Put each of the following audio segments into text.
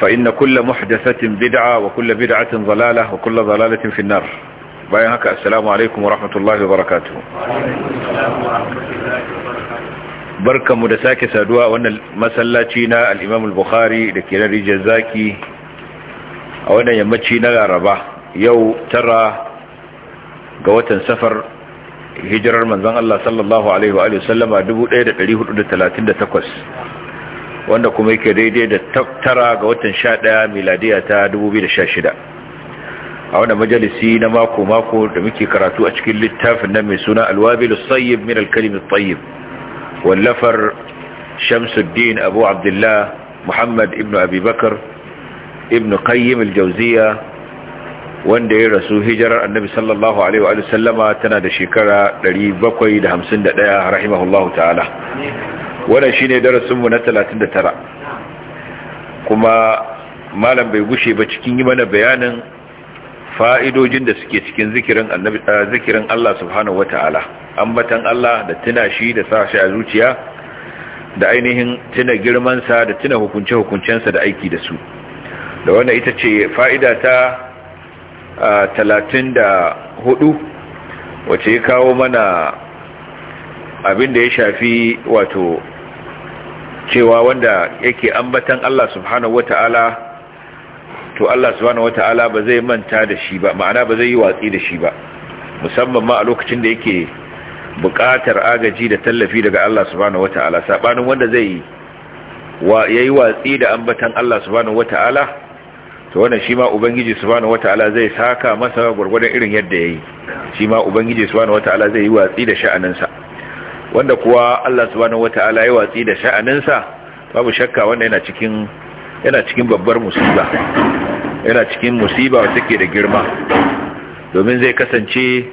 فإن كل محدثة بدعة وكل بدعة ضلالة وكل ضلالة في النار باين هكا السلام عليكم ورحمة الله وبركاته بركة مدساك سادوا وانا مسلاتينا الإمام البخاري لكينا رجال زاكي وانا يمتشينا العربة يو ترى قوة سفر hijirar manzon Allah sallallahu Alaihi wa sallama 1438 wanda kuma yake daidai da tara ga watan 11 miladiya ta 2016 a wannan majalisi na mako mako da muke karatu a cikin littafin nan mai suna alwabilu tsayib min alkalim at wallafar shamsuddin abu abdullah muhammad ibnu abi ibn qayyim al-jawziya wanda ya rasu hijirar annabi sallallahu alaihi wa sallama tana da shekara 751 rahimahullahu ta'ala wannan shine darasinmu na 39 kuma malam bai gushe ba cikin yi mana bayanin fa'idojin da suke cikin zikirin annabi eh, zikirin Allah subhanahu wataala ambatan Allah da tuna shi da sa shi a zuciya da ainihin tuna girman da tuna hukunce hukuncensa da aiki da su da wannan ita ce fa'ida ta eh, talatin da 34 wace ya kawo mana abin da ya shafi wato cewa wanda yake ambatan Allah subhanahu wata'ala to Allah subhanahu wata'ala ba zai manta da shi ba ma'ana ba zai yi watsi da shi ba musamman ma a lokacin da yake buƙatar agaji da tallafi daga Allah subhanahu wata'ala sabanin wanda zai wa yayi watsi da ambatan Allah subhanahu wata'ala to wannan shi ma ubangiji subhanahu wata'ala zai saka masa gurgurdan irin yadda yayi shi ma ubangiji subhanahu wata'ala zai yi watsi da sha'aninsa wanda kuwa Allah subhanahu wataala ya watsi da sha'aninsa babu shakka wanda yana cikin yana cikin babbar musiba yana cikin musiba wacce ke da girma domin zai kasance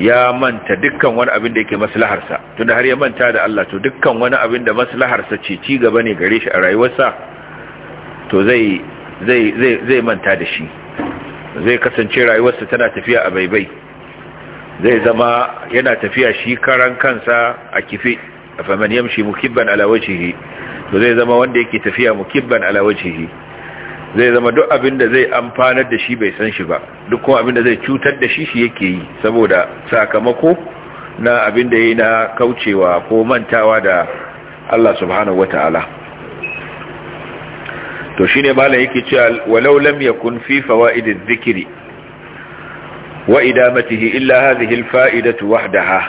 ya manta dukkan wani abin da yake maslaharsa tunda har ya manta da Allah to dukkan wani abin da maslaharsa ce ci gaba ne gare shi a rayuwarsa to zai zai zai zai manta da shi zai kasance rayuwarsa tana tafiya a baibai zai zama yana tafiya shi karan kansa a kife faman yamshi mukibban ala wajhihi to zai zama wanda yake tafiya mukibban ala wajhihi zai zama duk abin da zai amfanar da shi bai san shi ba duk kuma abin da zai cutar da shi shi yake yi saboda sakamako na abin da yayi na kaucewa ko mantawa da Allah subhanahu wataala to shine malai yake cewa walau lam yakun fi fawaidiz zikri wa idamatihi illa hadhihi alfa'idatu wahdaha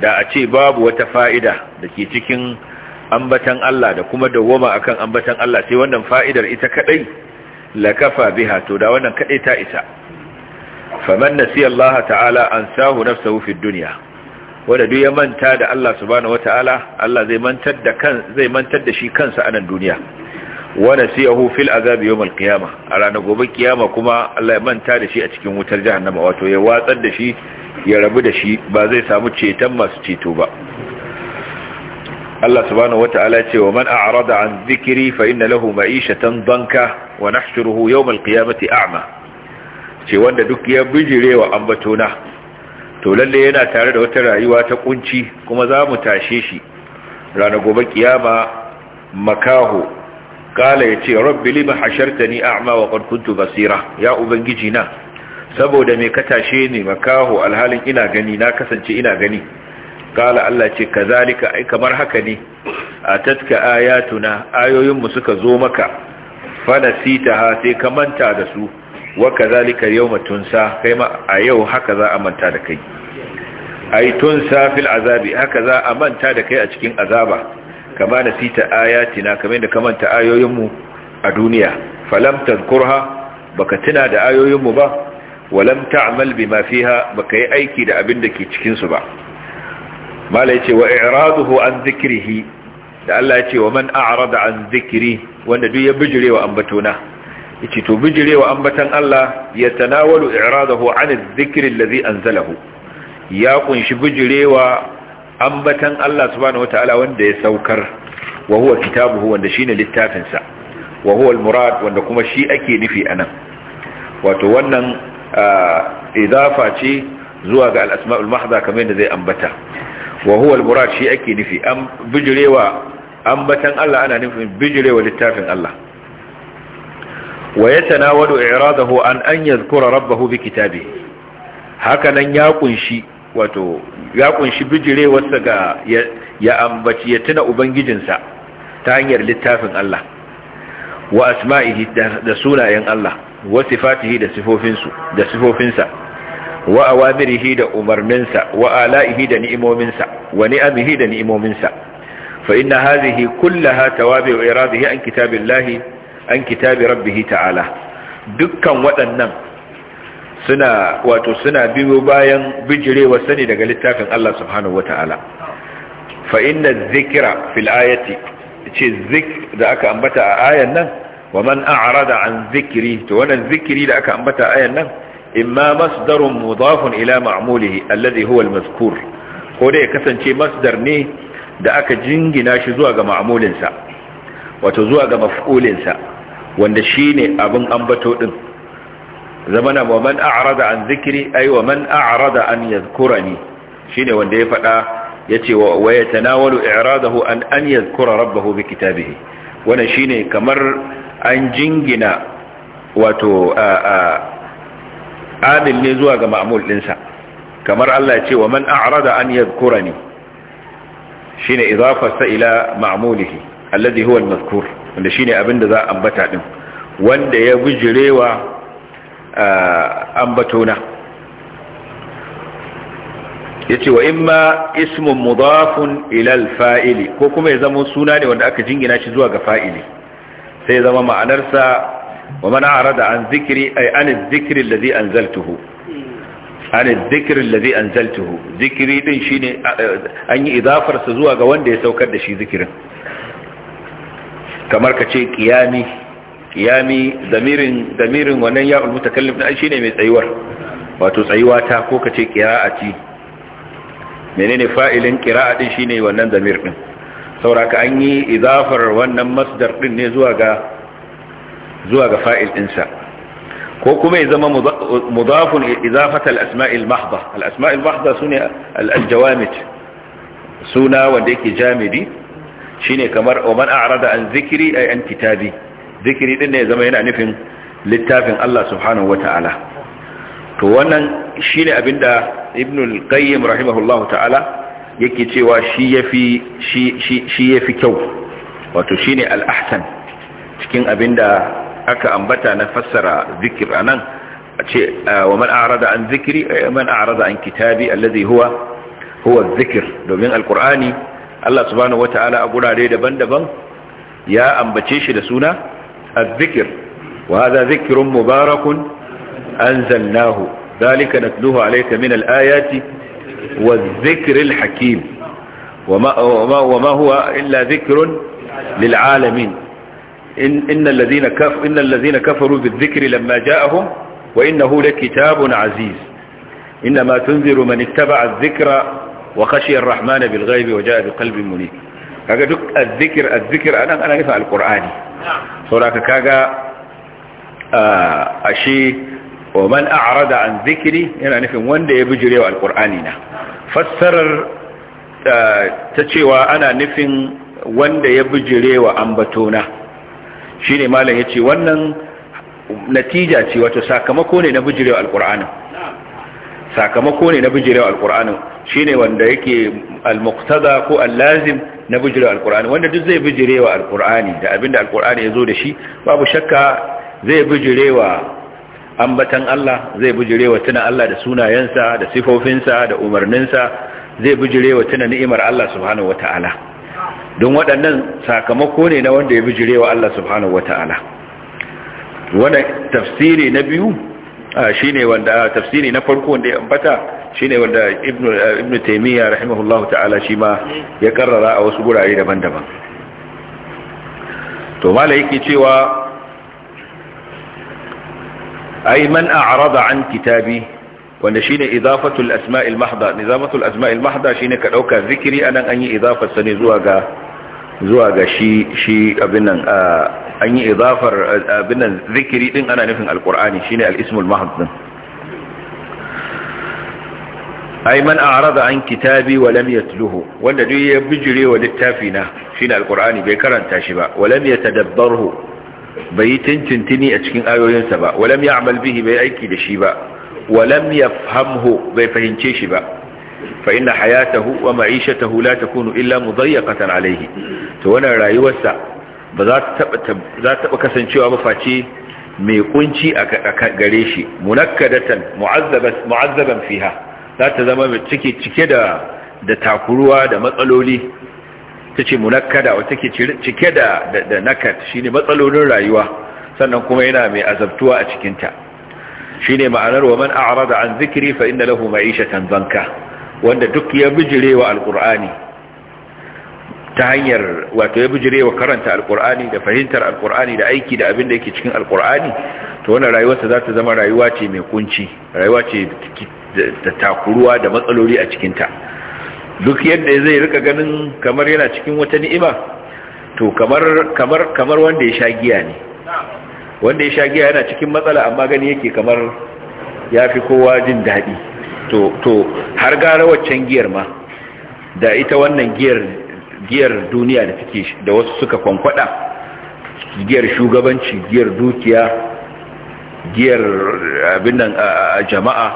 da a ce babu wata fa'ida dake cikin ambatan Allah da kuma dawwama akan ambatan Allah sai wannan fa'idar ita kadai lakafa biha to da wannan kadai ta isa faman nasiya Allah ta'ala an sahu nafsuhu fi dunya wanda duk ya manta da Allah subhanahu wataala Allah zai mantar da kan zai mantar da shi kansa a nan duniya wa nasiyahu fil azab yawm al a ranar gobe kiyama kuma Allah ya manta da shi a cikin wutar jahannama wato ya watsar da shi ya rabu da shi ba zai samu ceton masu ceto ba Allah subhanahu wata'ala ce wa man a'rada an zikiri fa inna lahu ma'ishatan banka wa nahshuruhu yawm qiyamati a'ma ce wanda duk ya bijirewa ambatona to lalle yana tare da wata rayuwa ta kunci kuma za mu tashe shi ranar gobe kiyama makaho kala ya ce rabbi lima hasharta ni a'ma wa qad kuntu basira ya ubangiji na saboda me ka tashe ni makaho alhalin ina gani na kasance ina gani kala Allah ce kazalika ai kamar haka ne atatka ayatuna ayoyin mu suka zo maka fanasitaha sai ka manta da su wa kazalika yawma tunsa kai ma a yau haka za a manta da kai ai tunsa fil azabi haka za a manta da kai a cikin azaba kama nasita ayatina kamar da kamanta ayoyinmu a duniya falamtar kurha baka tuna da ayoyinmu ba walam ta'mal bima fiha baka yi aiki da abin da ke cikinsu ba mala ce wa i'raduhu an dhikrihi da Allah ce wa man a'rada an zikiri wanda duk ya bijirewa ambatona yace to bijirewa ambatan Allah ya tanawalu i'radahu an zikirin dhikri alladhi anzalahu ya kunshi bijirewa ambatan Allah subhanahu wataala wanda ya saukar wa huwa kitabuhu wanda shine littafin sa wa huwa al wanda kuma shi ake nufi anan wato wannan idafa ce zuwa ga al-asma'ul mahdha kamar yadda zai ambata wa huwa al shi ake nufi an bijirewa ambatan Allah ana nufin bijirewa littafin Allah wa yatanawadu i'radahu an an yadhkura rabbahu bi kitabihi haka nan ya kunshi wato ya kunshi bijirewarsa ga ya ambaci ya tuna ubangijinsa ta hanyar littafin Allah wa asma'ihi da sunayen Allah wa sifatihi da sifofinsu da sifofinsa wa awamirihi da umarninsa wa ala'ihi da ni'imominsa wa ni'amihi da ni'imominsa fa inna hadhihi kullaha tawabi'u iradihi an kitabillahi an kitabi rabbih ta'ala dukkan waɗannan suna wato suna biyo bayan bijirewa sani daga littafin Allah subhanahu wataala fa inna dhikra fil ayati ce zik da aka ambata a ayan nan wa man a'rada an dhikri to wannan zikiri da aka ambata a ayan nan imma masdarun mudafun ila ma'mulihi alladhi huwa maskur ko da ya kasance masdar ne da aka jingina shi zuwa ga ma'mulinsa wato zuwa ga maf'ulinsa wanda shine abin ambato din zamana wa man a'rada an zikiri ai wa man a'rada an yadhkurani shine wanda ya fada yace wa wa yatanawalu i'radahu an an yadhkura rabbahu bi kitabihi wannan shine kamar an jingina wato adil ne zuwa ga ma'mul dinsa kamar Allah ya ce wa man a'rada an yadhkurani shine idafarsa ila ma'mulihi alladhi huwa al-madhkur wanda shine abinda za a ambata din wanda ya bujirewa ambatona yace wa imma ismun mudafun ila al-fa'ili ko kuma ya zama suna ne wanda aka jingina shi zuwa ga fa'ili sai zama ma'anarsa wa man arada an zikri ay an zikri alladhi anzaltuhu an zikri alladhi anzaltuhu zikri din shine an yi idafar sa zuwa ga wanda ya saukar da shi zikirin kamar kace qiyami qiyami damirin wannan ya mutakallim din shine mai tsayuwar wato tsayuwa ta ko kace qira'ati menene fa'ilin qira'a din shine wannan damir din sauraka an yi idafar wannan masdar din ne zuwa ga zuwa ga fa'il dinsa ko kuma ya zama mudafun idafat al-asma'il mahdha al-asma'il mahdha sune al-jawamid suna wanda yake jamidi shine kamar man a'rada an zikri ay an kitabi zikiri din ne ya zama yana nufin littafin Allah subhanahu ta'ala, to wannan shine abinda ibn al-qayyim rahimahullahu ta'ala yake cewa shi yafi fi kyau wato shi ne ahsan cikin abinda aka ambata na fassara zikir a ce ah, wa man a'rada an zikri eh, man a'rada an kitabi alladhi huwa huwa zikir domin al-qur'ani Allah subhanahu ta'ala a gurare daban-daban ya ambace shi da suna الذكر وهذا ذكر مبارك أنزلناه ذلك نتلوه عليك من الآيات والذكر الحكيم وما, وما, وما هو إلا ذكر للعالمين إن, إن, الذين كف إن الذين كفروا بالذكر لما جاءهم وإنه لكتاب عزيز إنما تنذر من اتبع الذكر وخشي الرحمن بالغيب وجاء بقلب منيب الذكر الذكر أنا أنا نفع القرآني sauraka kaga ashe wa a'rada an zikiri yana nufin wanda ya wa Alƙur'ani na fassarar ta cewa ana nufin wanda ya bijirewa ambatona shine malam ce wannan natija ce wato sakamako ne na bijirewa alƙur'ani sakamako ne na bijirewa alkur'anin shine wanda yake almuqtada ko allazim na bijirewa alkur'ani wanda duk zai bijirewa alkur'ani da abinda alkur'ani ya zo da shi babu shakka zai bijirewa ambatan Allah zai bijirewa tuna Allah da sunayensa da sifofinsa da umarninsa zai bijirewa tuna ni'imar Allah subhanahu wataala don waɗannan sakamako ne na wanda ya bijirewa Allah subhanahu wataala wannan tafsiri na biyu shine wanda tafsiri na farko wanda ya ambata shine wanda ibnu eh, ibnu taymiya rahimahullahu ta'ala shi ma ya karrara a wasu gurare daban-daban to mala yake cewa ay man a'rada an kitabi wanda shine idafatul asma'il mahdha nizafatul asma'il mahdha shine ka dauka zikiri anan an yi idafar sani zuwa ga shi shi abin nan ah, an yi izafar eh, abin nan zikiri din ana nufin alkur'ani shine al-ismul mahd din ay man a'rada an kitabi wa lam yatluhu wanda duk ya bijire wa littafi na shine alkur'ani bai karanta shi ba wa lam yatadabbarhu bai tintintini a cikin ayoyinsa ba wa lam ya'mal bihi bai aiki da shi ba wa lam yafhamhu bai fahince shi ba فإن حياته ومعيشته kunu illa إلا مضيقة Alayhi. to wannan rayuwarsa ba za ta taɓa kasancewa ba face mai kunci a gare shi munakkadatan mu'azzaban fiha za ta zama mai cike cike da da takuruwa da matsaloli tace munakkada Wa take cike da da nakat shine matsalolin rayuwa sannan kuma yana mai azabtuwa a cikin ta shine ma'anar wa man a'rada an zikri fa inna lahu ma'ishatan zanka wanda duk ya bijirewa alqur'ani ta hanyar wato ya bujire wa karanta alkur'ani da fahimtar alkur'ani da aiki da abin da yake cikin alkur'ani to wannan rayuwarsa za ta zama rayuwa ce mai kunci rayuwa ce da takuruwa da matsaloli a cikinta duk yadda zai rika ganin kamar yana cikin wata ni'ima to kamar kamar kamar wanda ya sha giya ne wanda ya sha giya yana cikin matsala amma gani yake kamar ya fi kowa jin daɗi to to har gara waccan giyar ma da ita wannan giyar giyar duniya da take da wasu suka kwankwada giyar shugabanci giyar dukiya giyar eh, abin nan a jama'a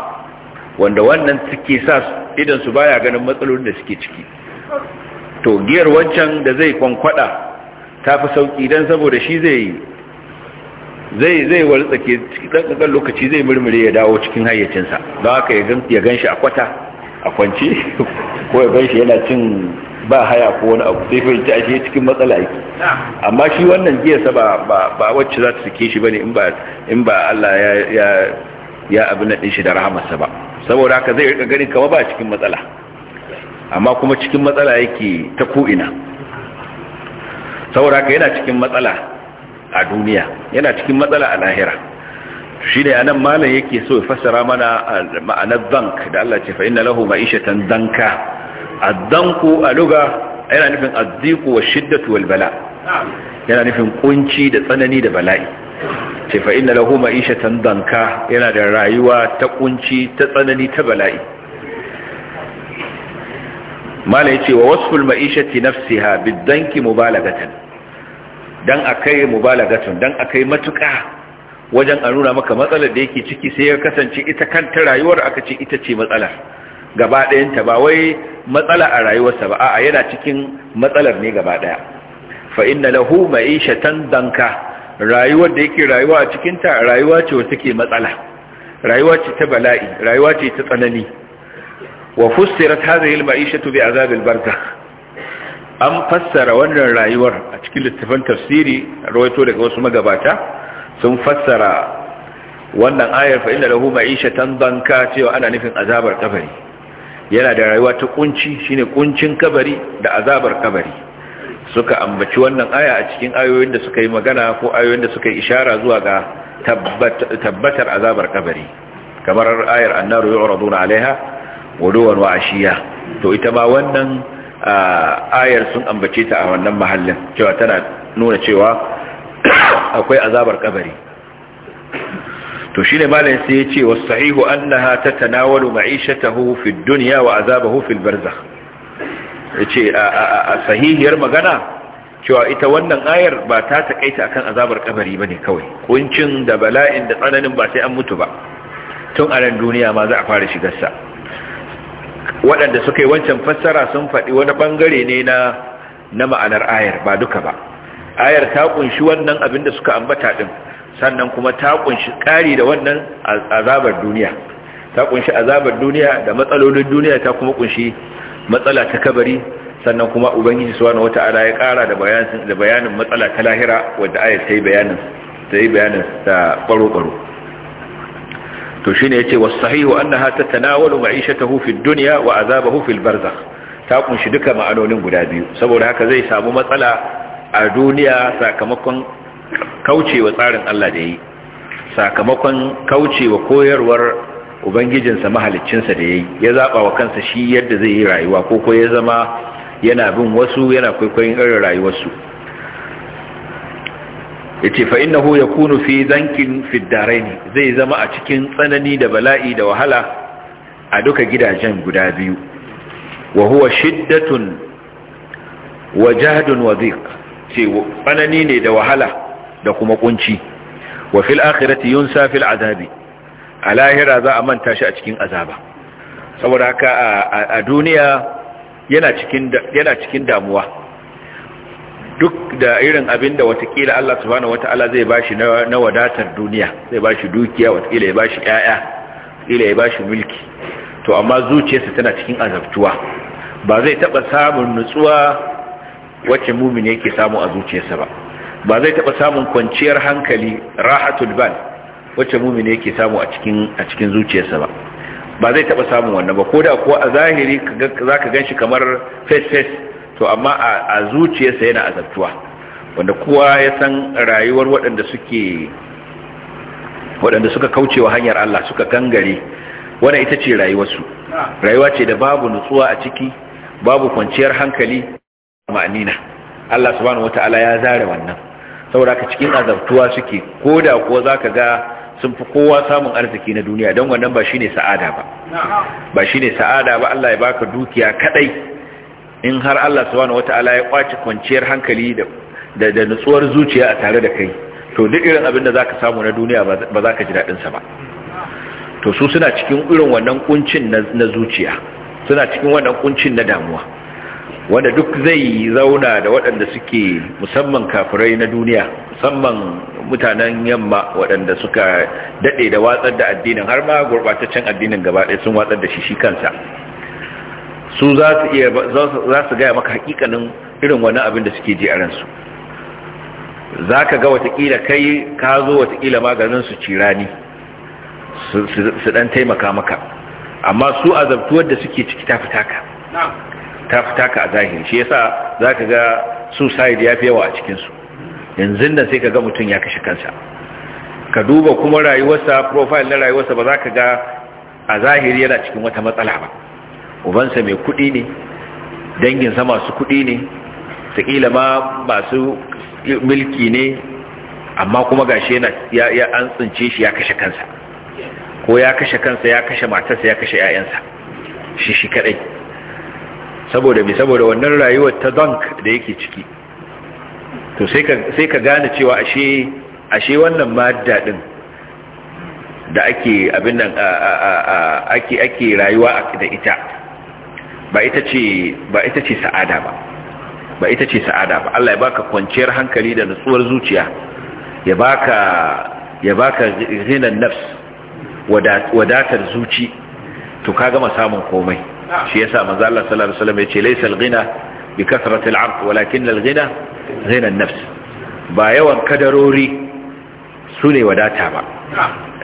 wanda wannan suke sa idan su baya ganin matsalolin da suke ciki to giyar wancan da zai kwankwada ta fi sauki dan saboda shi zai zai zai dan kan lokaci zai murmure ya dawo cikin hayyacinsa ba haka ya ganshi a kwata a kwance, ko ya ganshi yana cin ba haya ko wani abu sai fahimci ashe cikin matsala yake amma shi wannan giyarsa ba ba wacce za ta sike shi bane in ba in ba Allah ya ya ya abin nan shi da rahamarsa ba saboda haka zai rika ganin kama ba cikin matsala amma kuma cikin matsala yake ta ko ina saboda haka yana cikin matsala a duniya yana cikin matsala a lahira shi da yanan malam yake so ya fassara mana ma'anar zank da Allah ce fa inna lahu ma'ishatan zanka addanku a luga yana nufin addiku wa shiddatu wal bala yana nufin kunci da tsanani da bala'i ce fa inna lahu ma'ishatan danka yana da rayuwa ta kunci ta tsanani ta bala'i mala yace wa wasful ma'ishati nafsiha bid-danki mubalagatan dan akai mubalagatan dan akai matuka wajen a nuna maka matsalar da yake ciki sai ya kasance ita kanta rayuwar aka ce ita ce matsalar gaba ɗayanta ba wai matsala a rayuwarsa ba a'a yana cikin matsalar ne gaba ɗaya fa inna lahu ma'ishatan danka rayuwar da yake rayuwa a cikin ta rayuwa ce wacce take matsala rayuwa ce ta bala'i rayuwa ce ta tsanani wa fussirat hadhihi al-ma'ishatu bi azab al-barzakh an fassara wannan rayuwar a cikin littafin tafsiri rawaito daga wasu magabata sun fassara wannan ayar fa inna lahu ma'ishatan danka cewa ana nufin azabar kafari yana da rayuwa ta kunci shine kuncin kabari da azabar kabari suka ambaci wannan aya a cikin ayoyin da suka yi magana ko ayoyin da suka yi ishara zuwa ga tabbatar azabar kabari kamar ayar annaru yu'raduna alaiha wuduwan wa ashiya to ita ma wannan ayar sun ambace ta a wannan mahallin cewa tana nuna cewa akwai azabar kabari to shine malam sai ya ce was sahihu annaha tatanawalu ma'ishatahu fi dunya wa azabahu fil barzakh yace a sahihiyar magana cewa ita wannan ayar ba ta takaita akan azabar kabari bane kawai kuncin da bala'in da tsananin ba sai an mutu ba tun a ran duniya ma za a fara shigar sa waɗanda suka yi wancan fassara sun faɗi wani ɓangare ne na na ma'anar ayar ba duka ba ayar ta kunshi wannan abin da suka ambata ɗin sannan kuma ta kunshi kari da wannan azabar duniya ta kunshi azabar duniya da matsalolin duniya ta kuma kunshi matsala ta kabari sannan kuma ubangiji subhanahu wata'ala ya ƙara da bayanin da bayanin matsala ta lahira wanda ayat sai bayanin sai bayanin ta baro baro to shine yace wasahihu annaha tatanawalu ma'ishatahu fid dunya wa azabahu fil barzakh ta kunshi duka ma'anonin guda biyu saboda haka zai samu matsala a duniya sakamakon kaucewa tsarin Allah da yi sakamakon kaucewa koyarwar ubangijinsa mahaliccinsa da ya yi, ya zaɓa wa kansa shi yadda zai yi rayuwa ko ko ya zama yana bin wasu yana kwaikwayon irin rayuwarsu Ya yace fa ya kunu fi zankin fi ne zai zama a cikin tsanani da bala'i da wahala a duka gidajen guda biyu wa huwa shiddatun wa jahdun wa ce tsanani ne da wahala da kuma kunci wa fil akhirati yunsa fil azabi a lahira za a manta shi a cikin azaba saboda haka a duniya yana cikin yana cikin damuwa duk da irin abin da watakila Allah subhanahu wataala zai bashi na wadatar duniya zai bashi dukiya watakila ya bashi 'ya'ya, watakila ya bashi mulki to amma zuciyarsa tana cikin azabtuwa ba zai taba samun nutsuwa wacce mumin yake samu a zuciyarsa ba ba zai taɓa samun kwanciyar hankali rahatul bal wacce mumini yake samu a cikin zuciyarsa ba ba zai taɓa samun wannan ba ko da kuwa a zahiri za ka gan shi kamar face-face to amma a zuciyarsa yana azabtuwa wanda kowa ya san rayuwar waɗanda suke waɗanda suka kaucewa hanyar Allah suka gangare wadda ita ce rayuwarsu rayuwa ce da babu nutsuwa a ciki babu kwanciyar hankali ma'anina Allah subhanahu wataala ya zare wannan saboda ka cikin azabtuwa suke ko da kuwa zaka ga sun fi kowa samun arziki na duniya don wannan ba shine sa'ada ba ba shine sa'ada ba Allah ya baka dukiya kadai in har Allah subhanahu wataala ya kwaci kwanciyar hankali da da nutsuwar zuciya a tare da kai to duk irin abin da zaka samu na duniya ba za ka ji dadin sa ba to su suna cikin irin wannan kuncin na zuciya suna cikin wannan kuncin na damuwa wanda duk zai zauna da waɗanda suke musamman kafirai na duniya musamman mutanen yamma waɗanda suka daɗe da watsar da addinin har ma gurɓataccen addinin gabaɗaya sun watsar da shi shi kansa su za su gaya maka hakikanin irin wani abin da suke ji a ransu za ka ga watakila kai ka zo watakila maganin su cirani su ɗan taimaka maka amma su azabtuwar da suke ciki ta ta fita ka a zahiri shi yasa za ka ga suicide ya fi yawa a cikinsu yanzu nan sai ka ga mutum ya kashe kansa ka duba kuma rayuwarsa profile na rayuwarsa ba za ka ga a zahiri yana cikin wata matsala ba ubansa mai kuɗi ne danginsa masu kuɗi ne taƙila ma masu milki ne amma kuma ga gashi ya an tsince shi ya kashe kansa ko ya kashe kansa ya kashe matarsa ya kashe 'ya'yansa shi shi kaɗai saboda mai saboda wannan rayuwar ta zank da yake ciki to sai ka gane cewa ashe wannan madda din da ake abin nan ake rayuwa da ita ba ita ce sa'ada ba ba ita ce sa'ada ba Allah ya baka kwanciyar hankali da nutsuwar zuciya ya baka ya baka zinan nafs wadatar zuci to kaga gama samun komai shi yasa manzo Allah sallallahu alaihi wasallam yace laysa al-ghina bi kasrati al-'ard walakin al-ghina ghina an-nafs ba yawan kadarori sune wadata ba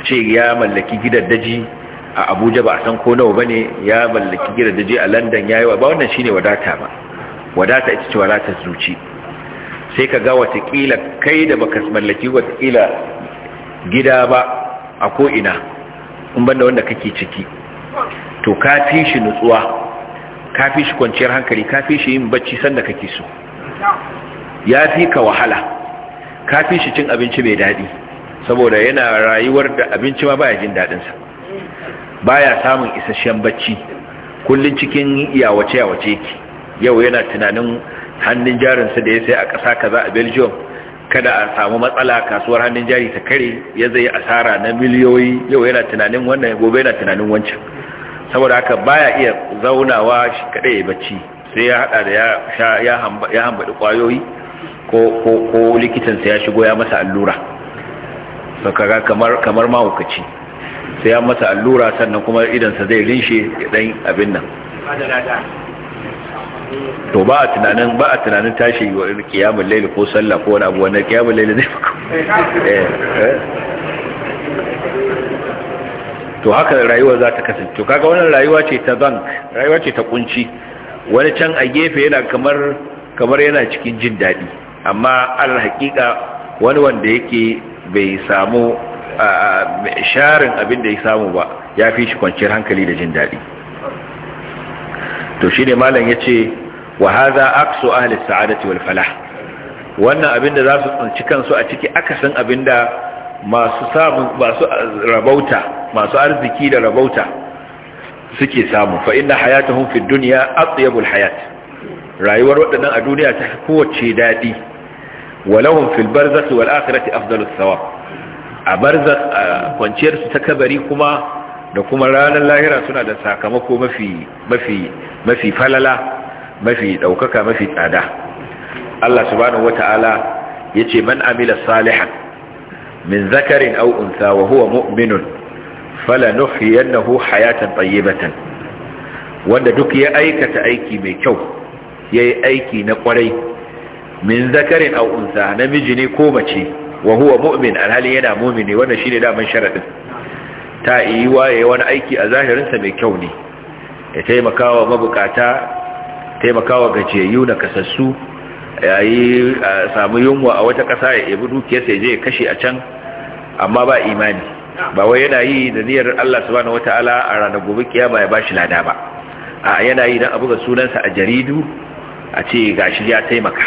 ce ya mallaki gidan daji a Abuja ba a san ko nawa bane ya mallaki gidan daji a London yayi ba wannan shine wadata ba wadata ita ce wadata zuci sai ka ga watakila kai da baka mallaki kila gida ba a ko ina. in banda wanda kake ciki to ka fi shi nutsuwa ka fi shi kwanciyar hankali ka fi shi yin bacci sanda kake so ya fi ka wahala ka fi shi cin abinci mai daɗi saboda yana rayuwar da abinci ma baya jin daɗinsa baya samun isasshen bacci Kullum cikin yawace yawace yake yau yana tunanin hannun jarinsa da ya sai a ƙasa kaza a belgium kada a samu matsala kasuwar hannun jari ta kare ya zai asara na miliyoyi yau yana tunanin wannan gobe yana tunanin wancan saboda haka baya iya zaunawa shi kadai bacci sai ya hada da ya ya ƙwayoyi kwayoyi ko ko ko likitan sa ya shigo ya masa allura to kaga kamar kamar mahaukaci sai ya masa allura sannan kuma idan sa zai rinshe dan abin nan to ba a tunanin ba a tunanin tashi wa kiyamul laili ko sallah ko wani abu wannan kiyamul laili ne eh, eh, eh. to haka rayuwar za ta kasance to kaga wannan rayuwa ce ta bank rayuwa ce ta kunci wani can a gefe yana kamar kamar yana cikin jin daɗi amma al hakika wani wanda yake bai samu sharin abin da ya samu ba ya fi shi kwanciyar hankali da jin daɗi to shine malam ya ce wa hadha aqsu ahli sa'adati wal falah wannan abin da za su tsinci kansu a ciki akasin abin da masu samu masu rabauta masu arziki da rabauta suke samu fa inna hayatuhum fid dunya atyabul hayat rayuwar wadannan a duniya ta kowace dadi walahum fil barzakh wal akhirati afdalus thawab a barzakh kwanciyar su ta kabari kuma da kuma ranar lahira suna da sakamako mafi mafi mafi falala mafi daukaka mafi tsada Allah subhanahu wataala yace man amila salihan min zakarin aw unsa wa huwa mu'minun falanuhyiyannahu hayatan wanda duk ya aikata aiki mai kyau yayi aiki na kwarai min zakarin unsa namiji ne ko mace wa huwa mu'min alhali yana mu'mini wannan shine daman sharadin ta yi waye wani aiki a zahirinsa mai kyau ne ya taimakawa mabukata taimakawa gajiyayyu na kasassu a samu yunwa a wata ƙasa ya ibi dukiyarsa sai je ya kashe a can amma ba imani ba wai yana yi da niyyar Allah subhanahu wataala a ranar gobe kiyama ya bashi lada ba a yana yi dan abu ga sunansa a jaridu a ce gashi ya taimaka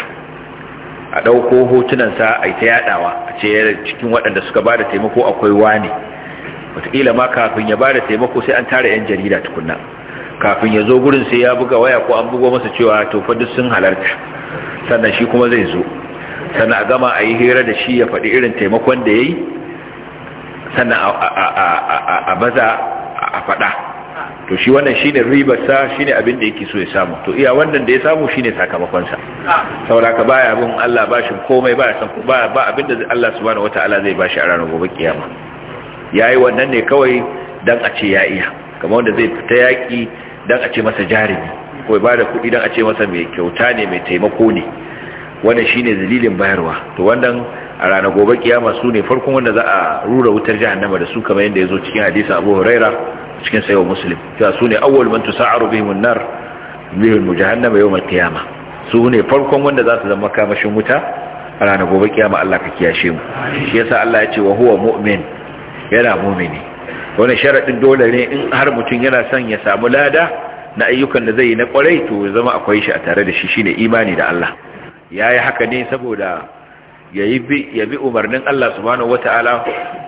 a dauko hotunansa a ta yadawa a ce cikin waɗanda suka bada taimako akwai wani wataƙila ma kafin ya bada taimako sai an tara yan jarida tukunna kafin ya zo gurin sai ya buga waya ko an bugo masa cewa to fa duk sun halarta sannan shi kuma zai zo sannan a gama a yi hira da shi ya faɗi irin taimakon da ya yi sannan a baza a faɗa to shi wannan shi ne ribarsa shi abin da yake so ya samu to iya wannan da ya samu shine ne sakamakonsa sauraka ba ya bin Allah ba shi komai ba ba abin da Allah subhanahu wata'ala zai ba shi a ranar gobe kiyama ya yi wannan ne kawai don a ce ya iya kamar wanda zai fita yaƙi dan a ce masa jarumi ko ya bada kudi dan a ce masa mai kyauta ne mai taimako ne wannan shine zalilin bayarwa to wannan a ranar gobe kiyama su ne farkon wanda za a rura wutar jahannama da su kamar yadda ya zo cikin hadisi abu huraira cikin sayyid muslim ta su ne awwal man tusa'aru bihim an-nar bihim jahannama yawm al-qiyama su ne farkon wanda za su zama kamashin wuta a ranar gobe kiyama Allah ka kiyashe mu shi yasa Allah ya ce wa huwa mu'min yana mu'mini wani sharaɗin dole ne in har mutum yana son ya samu lada na ayyukan da zai yi na kwarai to zama akwai shi a tare da shi shine imani da Allah ya yi haka ne saboda ya bi umarnin Allah subhanahu ta'ala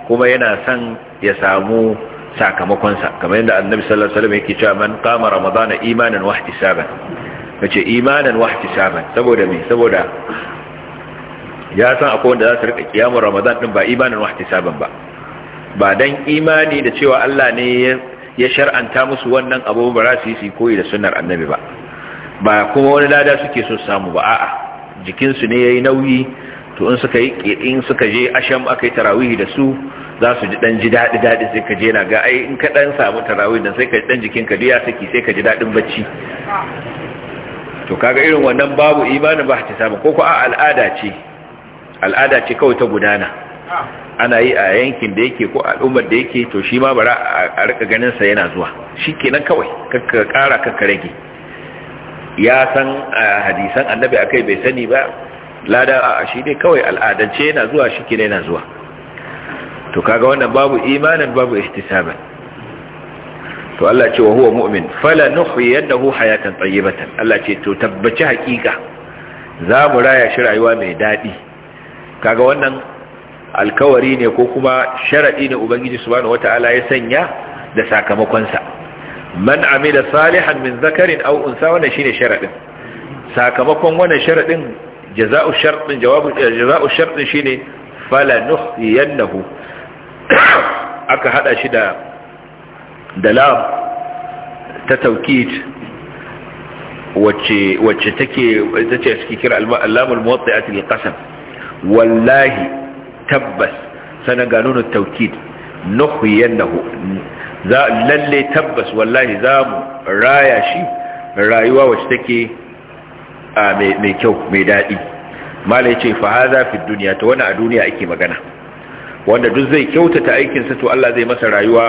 kuma yana son ya samu sakamakonsa kamar yadda annabi sallallahu alaihi wasallam yake cewa man qama ramadana imanan wa ihtisaban kace imanan wa ihtisaban saboda me saboda ya san akwai wanda za su rika kiyamun ramadan din ba imanan wa ihtisaban ba ba dan imani da cewa Allah ne ya shar'anta musu wannan abu ba za su yi koyi da sunnar annabi ba ba kuma wani lada suke so samu ba a'a jikinsu ne yayi nauyi to in suka yi in suka je asham aka yi tarawihi da su za su ji dan ji daɗi daɗi sai ka je na ga ai in ka dan samu tarawih dan sai ka dan jikin ka duya saki sai ka ji daɗin bacci to kaga irin wannan babu imani ba ta samu ko ko al'ada ce al'ada ce kawai ta gudana ana yi a yankin da yake ko al'ummar da yake to shi ma bara a rika ganinsa yana zuwa shikenan kawai kakka kara kakka rage ya san hadisan annabi akai bai sani ba lada a shi dai kawai al'adance yana zuwa shikenan yana zuwa to kaga wannan babu imanin babu ihtisaban to Allah ce wa huwa mu'min fala nuhyiyannahu hayatan tayyibatan Allah ce to tabbaci hakika za mu raya shi rayuwa mai dadi kaga wannan alkawari ne ko kuma sharaɗi ne ubangiji subhanahu wataala ya sanya da sakamakonsa man amila salihan min zakarin aw unsa wannan shine sharadin sakamakon wannan sharadin jaza'u shartin jawabu eh, jaza'u shartin shine fala nuhyiyannahu aka hada shi da Dalam lam ta taukid wacce wacce take ita ce suke kira al-lamul muwatti'ati lil qasam wallahi tabbas sanan ga nunu taukid nuhyiyannahu za lalle tabbas wallahi zamu raya shi rayuwa wacce take mai kyau mai daɗi. malai ce fa hadha fi duniya ta wani a duniya ake magana wanda duk zai kyautata aikinsa to Allah zai masa rayuwa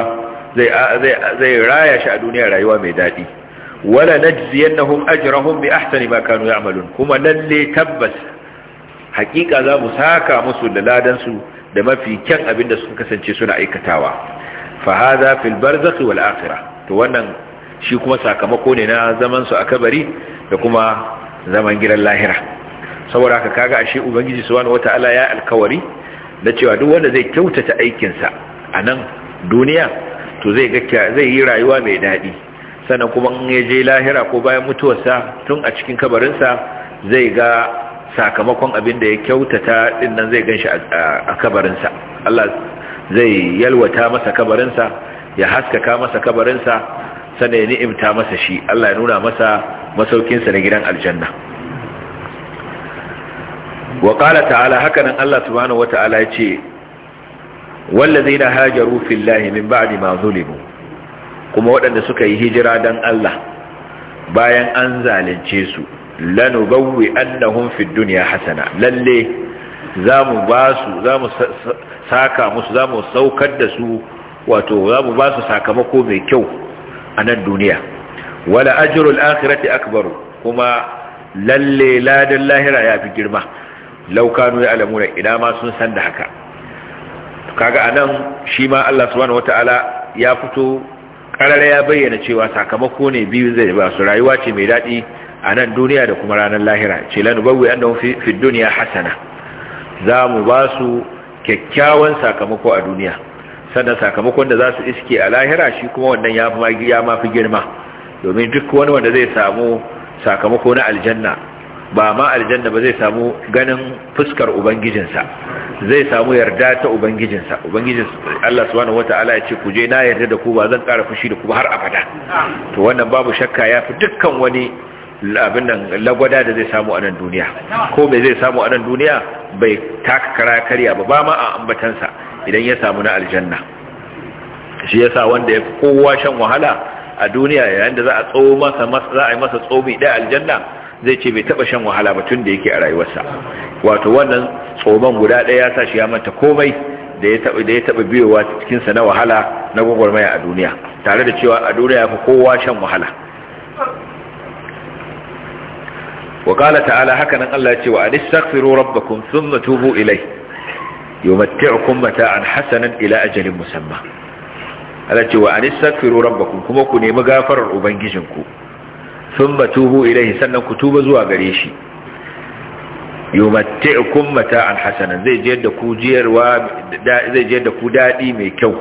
zai raya shi a duniya rayuwa mai daɗi? wala najziyannahum ajrahum bi ahsani ma kanu ya'malun kuma lalle tabbas hakika za mu saka musu da ladansu da mafi kyan abin da suka kasance suna aikatawa fa hadha fil barzakh wal akhirah to wannan shi kuma sakamako ne na zaman su a kabari da kuma zaman gidan lahira saboda haka kaga ashe ubangiji subhanahu wataala ya alkawari da cewa duk wanda zai kyautata aikinsa a nan duniya to zai ga zai yi rayuwa mai dadi sannan kuma in ya je lahira ko bayan mutuwarsa tun a cikin kabarinsa zai ga sakamakon abin da ya kyautata din nan zai ganshi a kabarinsa Allah zai yalwata masa kabarinsa ya haskaka masa kabarinsa sana ya ni'imta masa shi Allah ya nuna masa masaukinsa na gidan aljanna wa qala ta'ala hakanan Allah subhanahu wata'ala ya ce wallazina hajaru fillahi min ba'di ma zulimu kuma waɗanda suka yi hijira dan Allah bayan an zalunce su lanubawwi annahum fid dunya hasana lalle zamu ba zamu saka musu zamu saukar da su wato zamu ba su sakamako mai kyau a nan duniya wala ajrul akhirati akbar kuma lalle ladan lahira ya fi girma law kanu ya'lamuna ina ma sun san da haka kaga anan shi ma Allah subhanahu wataala ya fito karara ya bayyana cewa sakamako ne biyu zai ba su rayuwa ce mai daɗi a nan duniya da kuma ranar lahira ce lanubawai annahum fi duniya hasana za mu ba su kyakkyawan sakamako a duniya sannan sakamakon da za su iske a lahira shi kuma wannan ya mafi girma domin duk wani wanda zai samu sakamako na aljanna ba ma aljanna ba zai samu ganin fuskar ubangijinsa zai samu yarda ta ubangijinsa ubangijin Allah subhanahu wata'ala ya ce ku je na yarda da ku ba zan kara fushi da ku har abada to wannan babu shakka ya fi dukkan wani abin nan lagwada da zai samu a nan duniya ko mai zai samu a nan duniya bai taka kara karya ba ba ma a ambatansa idan ya samu na aljanna shi yasa wanda ya kowa shan wahala a duniya yayin da za a tsowo masa za a yi masa tsomi ɗaya aljanna zai ce bai taba shan wahala ba tun da yake a rayuwarsa wato wannan tsoman guda ɗaya ya sa shi ya manta komai da ya taba da ya taba biyowa cikinsa na wahala na gwagwarmaya a duniya tare da cewa a duniya ya fi kowa shan wahala wa qala ta'ala haka nan Allah ya ce wa anistaghfiru rabbakum thumma tubu ilayhi yumatti'ukum mata'an hasanan ila ajalin musamma Allah ce wa anistaghfiru rabbakum kuma ku nemi gafarar ubangijinku thumma tubu ilayhi sannan ku tuba zuwa gare shi yumatti'ukum mata'an hasanan zai je da ku zai je da ku dadi mai kyau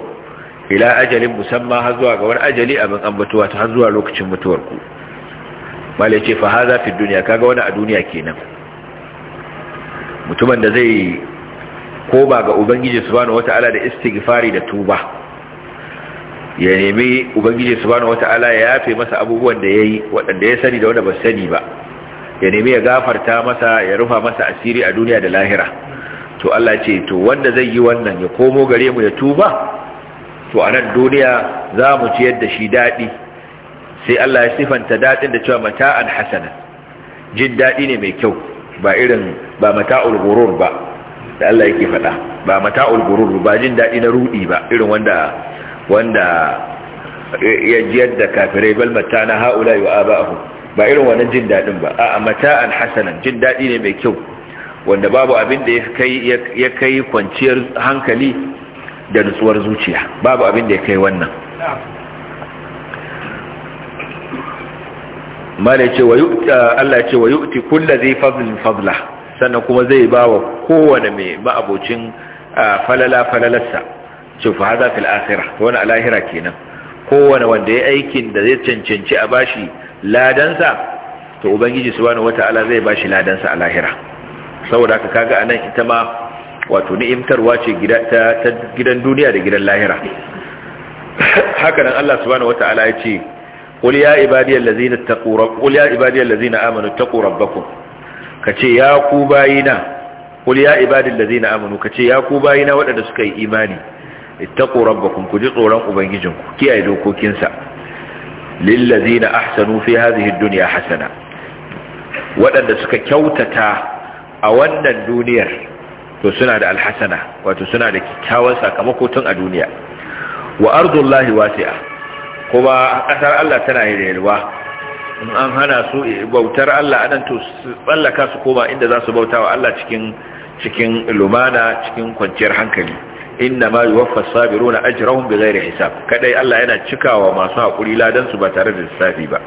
ila ajalin musamma har zuwa ajali abin ambatuwa ta har zuwa lokacin mutuwarku mala ya ce fa haza fi duniya kaga wani a duniya kenan mutumin da zai ba ga ubangiji subhanahu wata'ala da istighfari da tuba ya nemi ubangiji subhanahu wata'ala ya yafe masa abubuwan da yayi waɗanda ya sani da wanda ba sani ba ya nemi ya gafarta masa ya rufa masa asiri a duniya da lahira to Allah ce to wanda zai yi wannan ya komo gare mu ya tuba to a nan duniya za mu ci yadda shi daɗi sai Allah ya sifanta daɗin da cewa mata'an hasana jin daɗi ne mai kyau ba irin ba mata'ul gurur ba da Allah yake faɗa ba mata'ul gurur ba jin daɗi na rudi ba irin wanda wanda ya jiyar da kafirai bal mata'ana haula wa aba'ahum ba irin wannan jin daɗin ba a'a mata'an hasanan jin daɗi ne mai kyau wanda babu abin da ya kai kwanciyar hankali da nutsuwar zuciya babu abin da ya kai wannan mala ce, wa yu'ta Allah ce, wa yu'ti kulli fadlin fadla sannan kuma zai bawa kowane mai ma'abocin falala falalarsa ce fa hada fil akhirah alahira kenan kowane wanda ya aikin da zai cancanci a bashi ladansa to ubangiji subhanahu wataala zai bashi ladansa a lahira saboda haka kaga anan ita ma wato ni'imtarwa ce ta gidan duniya da gidan lahira haka nan Allah subhanahu wataala ya ce qul ya ibadiyal ladzina taqu qul ya ibadiyal ladzina amanu taqu ya ku bayina wadanda suka yi imani ittaqu rabbakum ku ji tsoron ubangijinku kiyaye dokokinsa lil ladzina ahsanu fi hadhihi ad-dunya wadanda suka kyautata a wannan duniyar to suna da alhasana wato suna da kyakkyawan sakamako tun a duniya wa ardullahi wasi'a kuma ƙasar Allah tana yin yalwa in an hana su bautar Allah anan to su tsallaka su koma inda za su bauta Allah cikin cikin lumana cikin kwanciyar hankali inna ma yuwaffas sabiruna ajrahum bighairi hisab kadai Allah yana cikawa masu hakuri ladan su ba tare da lissafi ba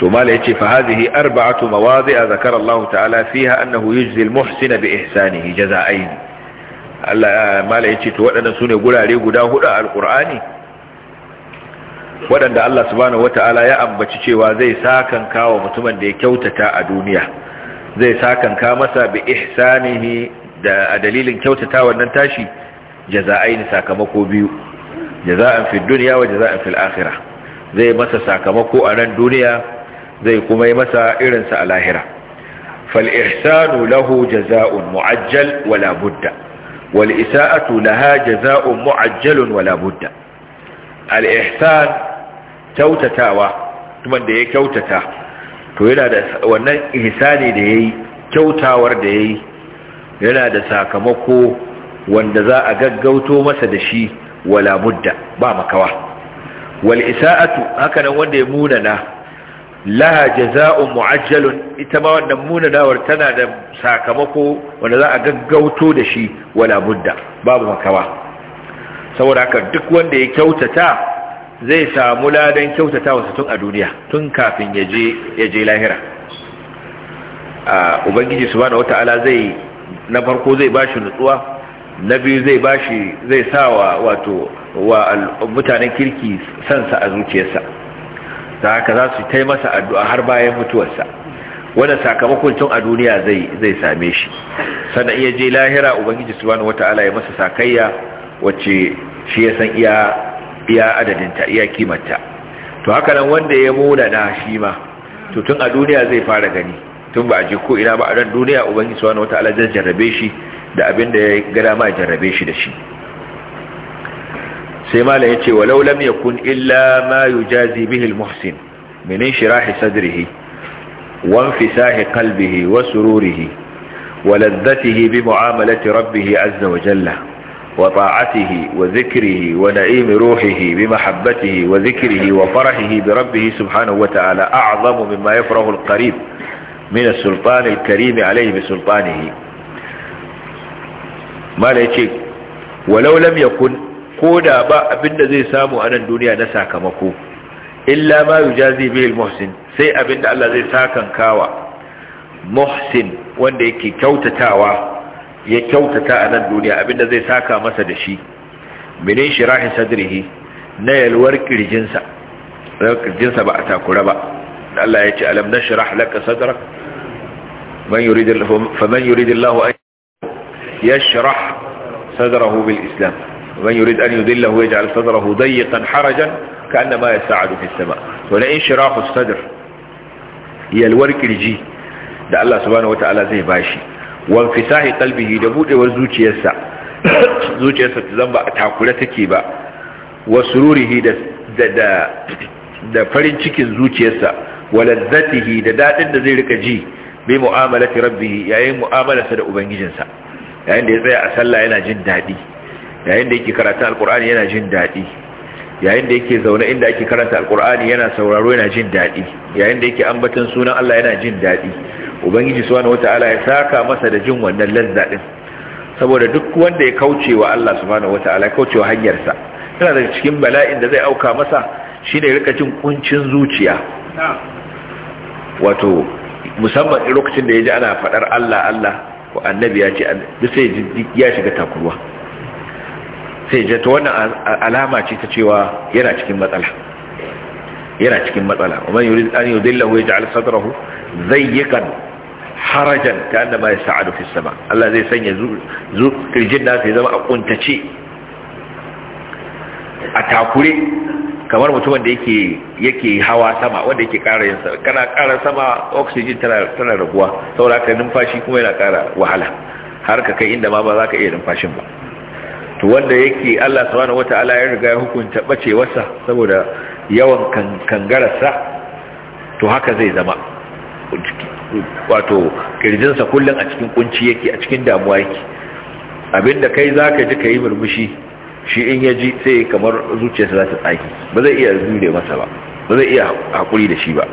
to mala yace fa hadhihi arba'atu mawadi'a zakara Allah ta'ala fiha annahu yujzi al-muhsin bi ihsanihi jaza'ain Allah mala yace to waɗannan sune gurare guda hudu a alqur'ani waɗanda Allah subhanahu wata'ala ya ambaci cewa zai sakan kawo mutumin da ya kyautata a duniya zai sakan ka masa bi ihsanihi da a dalilin kyautata wannan tashi jaza'aini sakamako biyu jaza'an fi wa jaza'an fil akhirah zai masa sakamako a nan duniya zai kuma yi masa irin sa a lahira fal ihsanu lahu jaza'un mu'ajjal wala budda wal isa'atu laha jaza'un mu'ajjalun wala budda al kyautatawa mutumin da ya kyautata to yana da wannan ihsani da ya yi kyautawar da ya yi yana da sakamako wanda za a gaggauto masa da shi wala budda ba makawa wal isa'atu hakanan wanda ya munana laha jaza'un mu'ajjalun ita ma wannan munanawar tana da sakamako wanda za a gaggauto da shi wala budda babu makawa saboda haka duk wanda ya kyautata zai samu ladan kyautata wasu tun a duniya tun kafin ya je lahira a ubangiji bane wata'ala zai na farko zai bashi nutsuwa na biyu zai shi zai sawa wato wa mutanen kirki sansa a zuciyarsa ta haka za su tai masa addu'a har bayan mutuwarsa wanda sakamakon tun a duniya zai same shi sannan iya je lahira ubangiji bane wata'ala ya masa sakayya wacce shi ya san iya adadinta iya kimanta to haka nan wanda ya muna na shi ma to tun a duniya zai fara gani tun ba a ji ko ina ba a ran duniya ubangiji subhanahu wata zai jarrabe shi da abin da ya gada ma jarrabe shi da shi sai malam yace laulam ya yakun illa ma yujazi bihil muhsin, min inshirahi sadrihi wa infisahi qalbihi wa sururihi wa ladhatihi bi mu'amalati rabbihi azza wa jalla وطاعته وذكره ونعيم روحه بمحبته وذكره وفرحه بربه سبحانه وتعالى أعظم مما يفرح القريب من السلطان الكريم عليه بسلطانه ما ليتشيك ولو لم يكن كودا با أبن زي سامو أنا الدنيا نساك مكو إلا ما يجازي به المحسن سي أبن الله زي ساكا كاوا محسن وان ديكي كوتتاوا ya kyautata a nan duniya abinda zai saka masa da shi minin shirahi sadrihi na yalwar kirjinsa ran kirjinsa ba a takura ba Allah ya ce alam na nashrah laka sadrak man yurid faman yurid Allah an yashrah sadrahu bil islam man yurid an yudillahu yaj'al sadrahu dayyqan harajan ka ma ka'annama yas'adu fi as-sama' wa la inshirahu as-sadr yalwar kirji da Allah subhanahu wa ta'ala zai bashi wanfisahi fisahi da budewar zuciyarsa zuciyarsa ta zamba a takura take ba wa sururihi da da farin cikin zuciyarsa wa ladzatihi da dadin da zai rika ji bi mu'amalati rabbih yayin mu'amalarsa da ubangijinsa yayin da ya tsaya a sallah yana jin dadi yayin da yake karanta alqur'ani yana jin dadi yayin da yake zaune inda ake karanta alqur'ani yana sauraro yana jin dadi yayin da yake ambaton sunan Allah yana jin dadi ubangiji wata wata'ala ya saka masa da jin wannan lazza saboda duk wanda ya kauce wa Allah wata wata'ala ya kauce wa hanyar sa yana daga cikin bala'in da zai auka masa shi rika rikacin kuncin zuciya wato musamman lokacin da ya ji ana faɗar Allah Allah ko annabi ya ce duk sai ya shiga takurwa sai ya ta wannan alama ce ta cewa yana cikin matsala yana cikin matsala wa yuri an yudilla wa yaj'al sadrahu zayyikan harajan ka annama ya sa'adu fi sama Allah zai sanya zu kirjin nasu ya zama a kuntace a takure kamar mutumin da yake yake hawa sama wanda yake ƙara yin sama kana ƙara sama oxygen tana tana raguwa saboda ka numfashi kuma yana ƙara wahala har ka kai inda ma ba za ka iya numfashin ba to wanda yake Allah subhanahu wataala ya riga ya hukunta bacewarsa saboda yawan kangararsa to haka zai zama wato kirjinsa kullum a cikin kunci yake a cikin damuwa yake abinda kai zaka ji kai murmushi shi in ya ji sai kamar zuciyarsa za ta tsaki ba zai iya zure masa ba ba zai iya hakuri da shi ba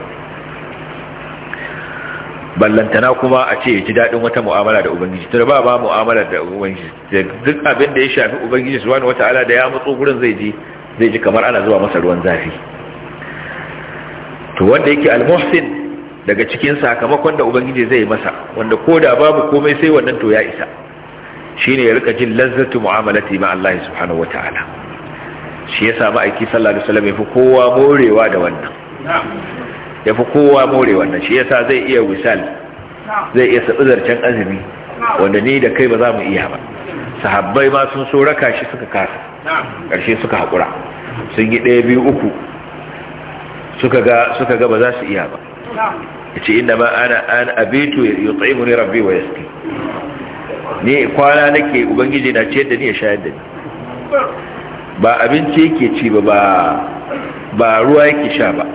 ballantana kuma a ce ya ji daɗin wata mu'amala da ubangiji tun ba ba mu'amala da ubangiji duk abin da ya shafi ubangiji su wani wata ala da ya matso gurin zai ji zai ji kamar ana zuwa masa ruwan zafi to wanda yake al-muhsin daga cikin sakamakon da ubangiji zai masa wanda ko da babu komai sai wannan to ya isa shine ya rika jin lazzatu mu'amalati ma Allah subhanahu wataala shi yasa ba aiki sallallahu alaihi wasallam yafi kowa morewa da wannan yafi kowa more wannan shi yasa zai iya wisal zai iya sabu zarcen azumi wanda ni da kai ba za mu iya ba sahabbai ma sun so raka shi suka kasa karshe suka hakura sun yi ɗaya biyu uku suka ga suka ga ba za su iya ba ce inda ma ana an abitu yut'imuni rabbi wa yasqi ni kwana nake ubangiji na ce da ni ya shayar da ni ba abinci yake ci ba ba ruwa yake sha ba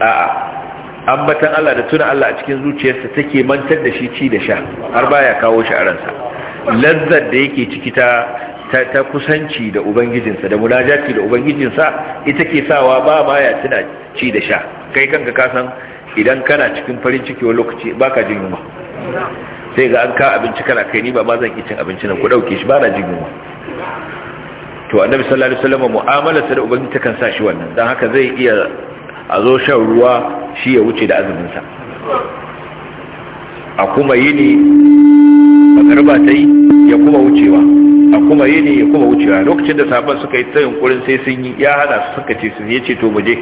a'a ambatan Allah da tuna Allah a cikin zuciyarsa take mantar da shi ci da sha har baya kawo shi a ransa lazzar da yake ciki ta ta kusanci da ubangijinsa da munajati da ubangijinsa ita ke sawa ba ma ya tuna ci da sha kai kanka kasan idan kana cikin farin ciki wani lokaci baka jin yunwa sai ga an ka abinci kana kai ni ba ma zan ki cin abinci nan ku dauke shi bana jin yunwa to annabi sallallahu alaihi wasallam mu'amalar sa da ubangiji kan sa shi wannan dan haka zai iya a zo shan ruwa shi ya wuce da azumin sa a kuma yini magarba ta yi ya kuma wucewa a kuma yini ya kuma wucewa lokacin da sahabban suka yi tsayin kurin sai sun yi ya hana su suka ce sun ya ce to mu je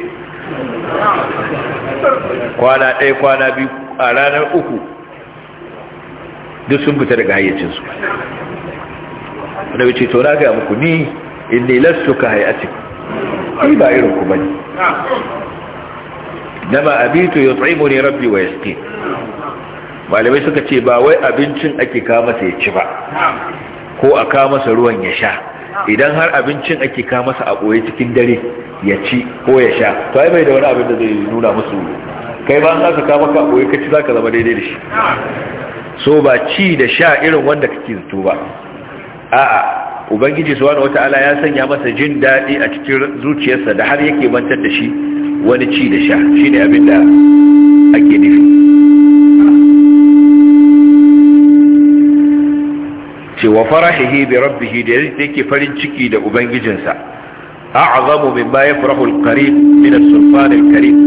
kwana ɗaya kwana biyu a ranar uku duk sun fita daga hayyacinsu annabi ce to na gaya muku ni inni lasso ka hayatiku ni ba irin ku bane dama abitu yut'imuni rabbi wa yaske malamai suka ce ba wai abincin ake kama masa ya ci ba ko a kama sa ruwan ya sha idan har abincin ake ka masa a ɓoye cikin dare ya ci ko ya sha to ai bai da wani abin da zai nuna musu kai ba an su kama ka a ɓoye ka ci za ka zama daidai da shi so ba ci da sha irin wanda kake zato ba a'a ubangiji su wata wataala ya sanya masa jin daɗi a cikin zuciyarsa da har yake bantar da shi wani ci da sha shine abin da ake nufi ce wa farahihi bi rabbihi da yake farin ciki da ubangijinsa a'zamu min mimma yafrahu al qareeb min as-sultan al kareem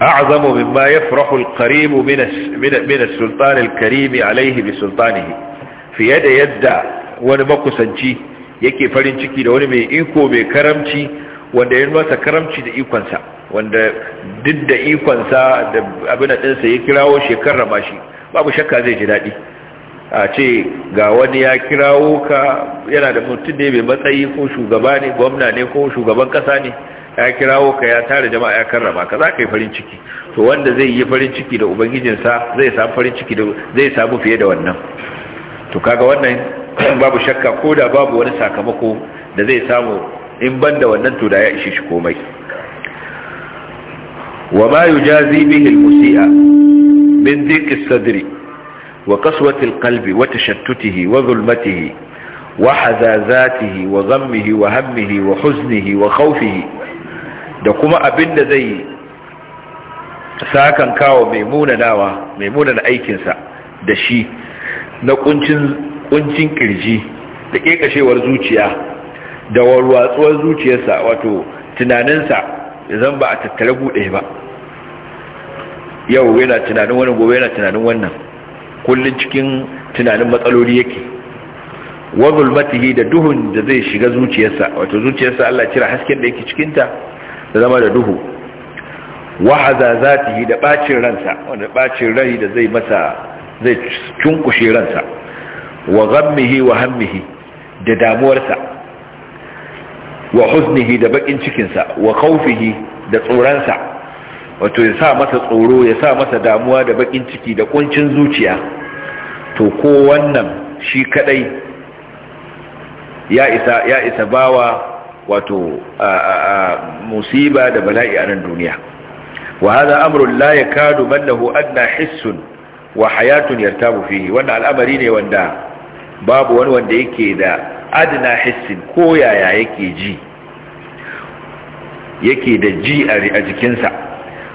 a'zamu min al-qareeb min min as القريب al-kareem alayhi bi sultanihi fi yada يد wani makusanci yake farin ciki da wani mai iko mai karamci wanda ya nuna karamci da ikonsa wanda duk da ikonsa da abin da ɗinsa ya kirawo shekarar ba shi babu shakka zai ji daɗi a ce ga wani ya kirawo ka yana da mutum ne mai matsayi ko shugaba ne gwamna ne ko shugaban ƙasa ne ya kirawo ka ya tare jama'a ya karrama ka za ka yi farin ciki to wanda zai yi farin ciki da ubangijinsa zai samu farin ciki da zai samu fiye da wannan to kaga wannan babu shakka ko da babu wani sakamako da zai samu in banda wannan to da ya ishi shi komai wa ma yujazi bihi al-musi'a min dhiqi sadri wa qaswati al-qalbi wa tashattutihi wa zulmatihi wa hazazatihi wa ghammihi wa hammihi wa huznihi wa khawfihi da kuma abinda zai sakan kawo mai munanawa mai aikinsa da shi na kuncin kuncin kirji da kekashewar zuciya da warwatsuwar zuciyarsa wato tunaninsa ya zan ba a tattare buɗe ba yau yana tunanin wani gobe yana tunanin wannan kullum cikin tunanin matsaloli yake wazul matihi da duhun da zai shiga zuciyarsa wato zuciyarsa Allah cira hasken da yake cikinta da zama da duhu wa hazazatihi da bacin ransa wanda bacin rai da zai masa zai cunkushe ransa wa ghammihi wa hammihi da damuwarsa wa huznihi da bakin cikinsa wa khawfihi da tsoronsa wato ya sa masa tsoro ya sa masa damuwa da bakin ciki da kuncin zuciya to ko wannan shi kadai ya isa ya isa bawa wato musiba da bala'i a nan duniya wa hadha amrun la yakadu man lahu adna hissun wa hayatun yartabu fihi wannan al'amari ne wanda babu wani wanda yake da adina hissin koyaya yake ji yake da ji a jikinsa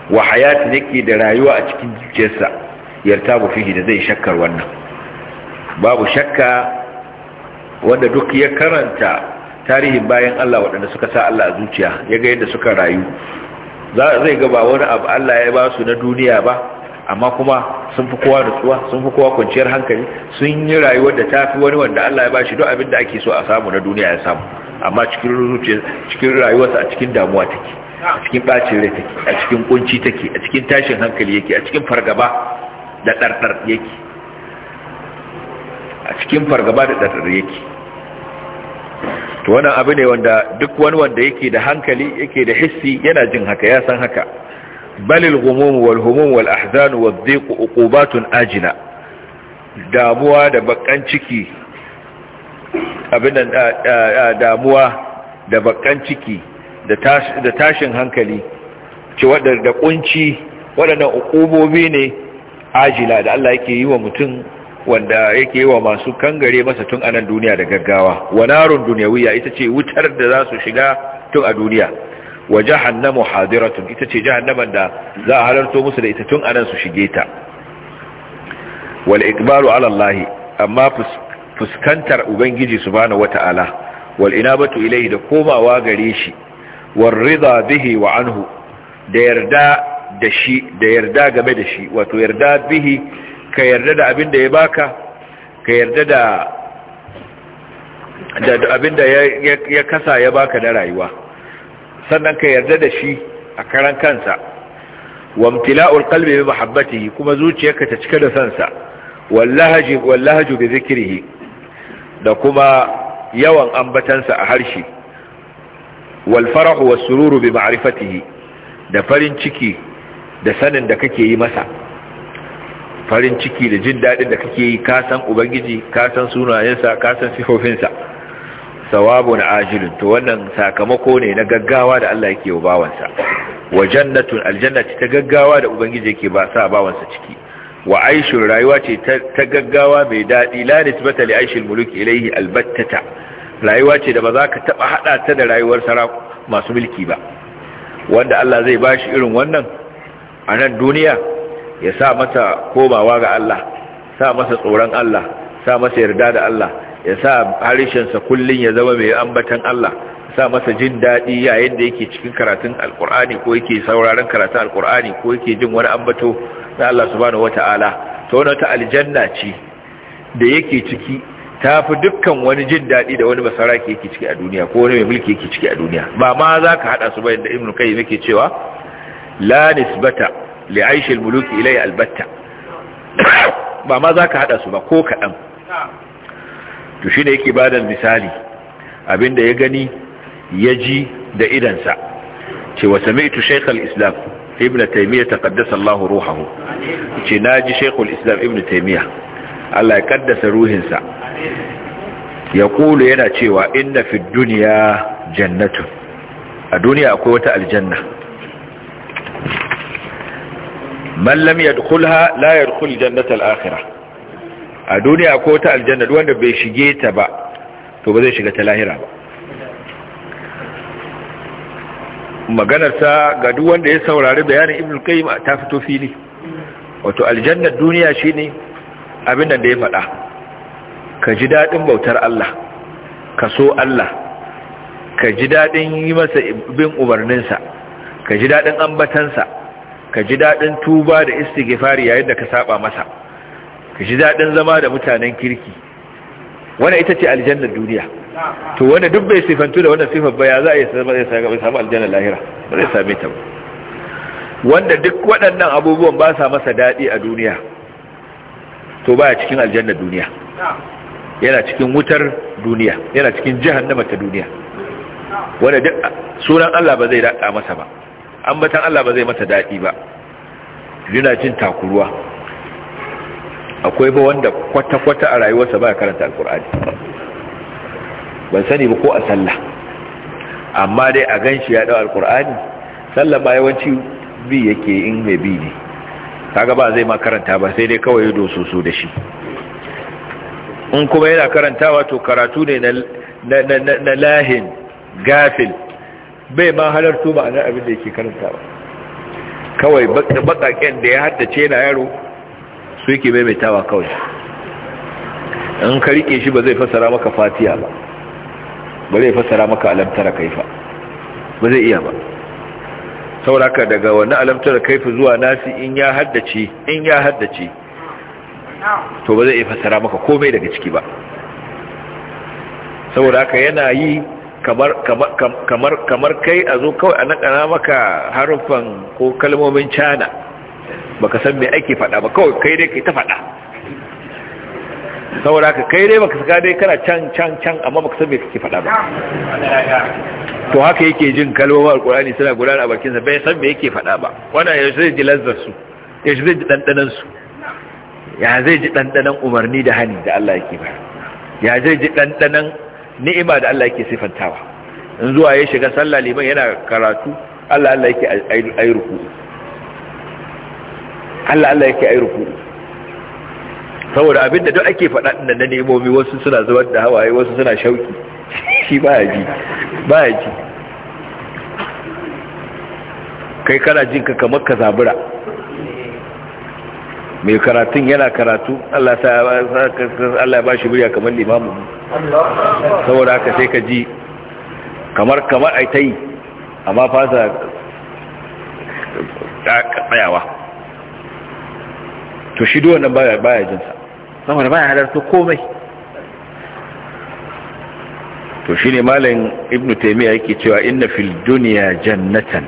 wa hayati yake da rayuwa a cikin jikinsa, yarta bu fihi da zai shakkar wannan babu shakka wanda duk ya karanta tarihin bayan Allah waɗanda suka sa Allah a zuciya ya ga yadda suka rayu zai ga ba wani abu Allah ya ba su na duniya ba amma kuma sun fi kowa nutsuwa sun fi kowa kwanciyar hankali sun yi rayuwar da ta fi wani wanda Allah ya bashi duk abin da ake so a samu na duniya ya samu amma cikin cikin rayuwarsa a cikin damuwa take a cikin bacin rai take a cikin kunci take a cikin tashin hankali yake a cikin fargaba da ɗarɗar yake a cikin fargaba da ɗarɗar yake to wannan abu ne wanda duk wani wanda yake da hankali yake da hissi yana jin haka ya san haka بل الغموم والهموم والأحزان والضيق أقوبات آجلة damuwa da damuwa da bakan ciki da tashin hankali da ƙunci, kunci waɗannan ukubobi ne ajila da Allah yake yi wa mutum wanda yake yi wa masu kangare masa tun anan duniya da gaggawa wanarun duniyawiya ita ce wutar da za su shiga tun a duniya wa jahannamu hadiratun ita ce jahannaman da za a halarto musu da ita tun anan su shige ta wal iqbalu ala Allah amma fuskantar ubangiji subhanahu wata'ala wal inabatu ilayhi da komawa gare shi war ridha bihi wa anhu da yarda da shi da yarda game da shi wato yarda bihi ka yarda da abin da ya baka ka yarda da da abin da ya kasa ya baka na rayuwa sannan ka yarda da shi a karan kansa wa imtila'ul qalbi bi mahabbatihi kuma zuciyarka ta cika da sansa wallahi wallahi bi zikrihi da kuma yawan ambatansa a harshe wal farahu was sururu bi ma'rifatihi da farin ciki da sanin da kake yi masa farin ciki da jin dadin da kake yi ka san ubangiji ka san sunayensa ka san sifofinsa sawabun ajilun to wannan sakamako ne na gaggawa da Allah yake wa bawansa wa jannatun aljannati ta gaggawa da ubangiji yake ba sa bawansa ciki wa aishun rayuwa ce ta gaggawa mai daɗi la nisbata li aishil mulki ilaihi albattata rayuwa ce da ba za ka taɓa haɗa ta da rayuwar sara masu mulki ba wanda Allah zai ba shi irin wannan a nan duniya ya sa masa komawa ga Allah sa masa tsoron Allah sa masa yarda da Allah ya sa harshensa kullum ya zama mai ambatan Allah sa masa jin daɗi yayin da yake cikin karatun alqur'ani ko yake sauraron karatun alqur'ani ko yake jin wani ambato na Allah subhanahu wata'ala ta wani ta aljanna ce da yake ciki ta fi dukkan wani jin daɗi da wani basaraki yake ciki a duniya ko wani mai mulki yake ciki a duniya ba ma za ka haɗa su bayan da ibnu kayyim yake cewa la nisbata li aishi al-muluki ilay albatta ba ma za ka haɗa su ba ko kaɗan to shine yake da misali abinda ya gani ya ji da idansa ce wa sami'tu shaykh islam ibn taymiyyah taqaddasa Allahu ruhahu ce naji shaykh islam ibn taymiyyah Allah ya kaddasa ruhinsa ya kula yana cewa inna fi duniya jannatu a duniya akwai wata aljanna man lam yadkhulha la yadkhul jannata akhirah a duniya ko ta aljanna duk wanda bai shige ta ba to ba zai shiga ta lahira ba maganar sa ga duk wanda ya saurari bayanin ibn qayyim ta fito fili wato aljannar duniya shine abin da ya faɗa ka ji dadin bautar Allah ka so Allah ka ji dadin yi masa bin umarninsa ka ji dadin ambatansa ka ji dadin tuba da istighfari yayin da ka saba masa ka ji daɗin zama da mutanen kirki Wani ita ce aljannar duniya to wanda duk bai sifantu da wannan sifar ba ya za a yi samu aljannar lahira ba zai same ta ba wanda duk waɗannan abubuwan ba sa masa daɗi a duniya to baya cikin aljannar duniya yana cikin wutar duniya yana cikin na ta duniya wanda duk sunan Allah ba zai daɗa masa ba An batan Allah ba zai masa daɗi ba yana jin takuruwa akwai ba wanda kwata-kwata a rayuwarsa ba karanta alkur'ani ban sani ba ko a sallah amma dai a ganshi ya dawo alkur'ani sallah ba yawanci bi yake in mai bi ne kaga ba zai ma karanta ba sai dai kawai doso so da shi in kuma yana karantawa to karatu ne na lahin gafil bai ma halartu nan abin da yake karantawa kawai baƙaƙen da ya haddace na yaro su yake maimaitawa kawai in ka rike shi ba zai fasara maka fatiya ba ba zai fasara maka alamtara kaifa ba zai iya ba sauraka daga wani alamtara kaifa zuwa nasi in ya haddace in ya haddace to ba zai iya fasara maka komai daga ciki ba saboda haka yana yi kamar kai a zo kawai a naɗana maka haruffan ko kalmomin cana baka san me ake faɗa ba kawai kai dai kai ta faɗa saboda ka kai dai baka saka dai kana can can can amma baka san me kake faɗa ba to haka yake jin kalmomin alkurani suna gudana a bakin sa bai san me yake faɗa ba wannan ya zai ji lazzar su ya zai ji dandanan su ya zai ji dandanan umarni da hani da Allah yake ba ya zai ji dandanan ni'ima da Allah yake sifantawa in zuwa ya shiga sallah liman yana karatu Allah Allah yake ayi ruku Allah Allah yake ayi ruku'u saboda abinda duk ake faɗa din nan nemomi wasu suna zubar da hawaye wasu suna shauki shi baya ji baya ji kai kana jin ka kamar ka zabura mai karatun yana karatu Allah ya ba shi murya kamar limamu saboda haka sai ka ji kamar kamar ai ta yi amma fasa tsayawa to shi duk wannan baya baya sa saboda baya halarta komai to shi ne malam Ibn taymiya yake cewa inna fil duniya jannatan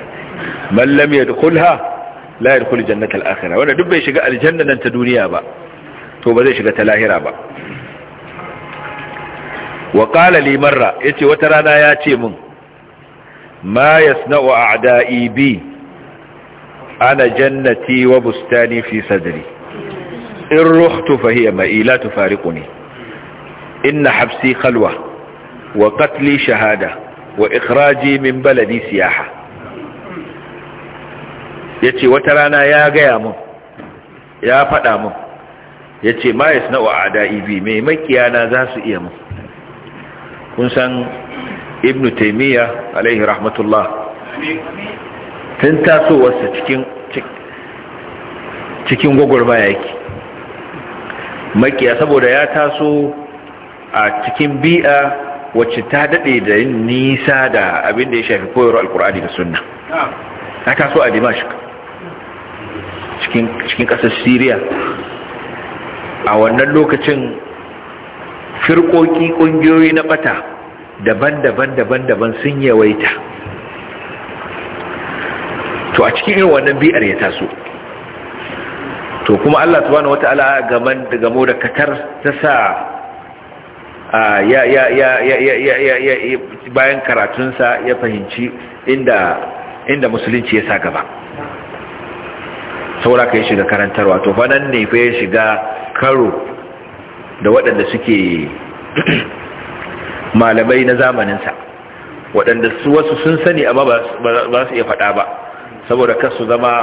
Mallam ya yadkhulha la yadkhul jannata jannatan akhirah wanda duk bai shiga aljanna nan ta duniya ba to ba zai shiga ta lahira ba wa qala li marra yace wata rana ya ce min ma yasna'u a'da'i bi ana jannati wa bustani fi sadari. in ruhtu fa ila tu la tufariquni inna habsi khalwa wa qatli shahada wa ikraji min baladi siyaha ce wata rana ya gaya mun ya faɗa mun yace ma yasna'u a'da'i bi mai makiyana za su iya mun kun san ibnu taymiya alaihi rahmatullah tun tasowarsa cikin cikin gwagwarmaya yake makiya saboda ya taso a cikin bi'a wacce ta daɗe da yin nisa da abin da ya shafi koyarwa alkur'ani da sunna ya taso a dimashik cikin ƙasar syria a wannan lokacin firƙoƙi ƙungiyoyi na bata daban-daban daban-daban sun yawaita to a cikin wannan bi'ar ya taso to kuma Allah subhanahu wataala gaman daga gamo da katar ta sa ya ya ya ya bayan karatunsa ya fahimci inda inda musulunci ya sa gaba saura ka yi shiga karantarwa to fanan ne fa ya shiga karo da waɗanda suke malamai na zamaninsa waɗanda su wasu sun sani amma ba su iya faɗa ba saboda kasu zama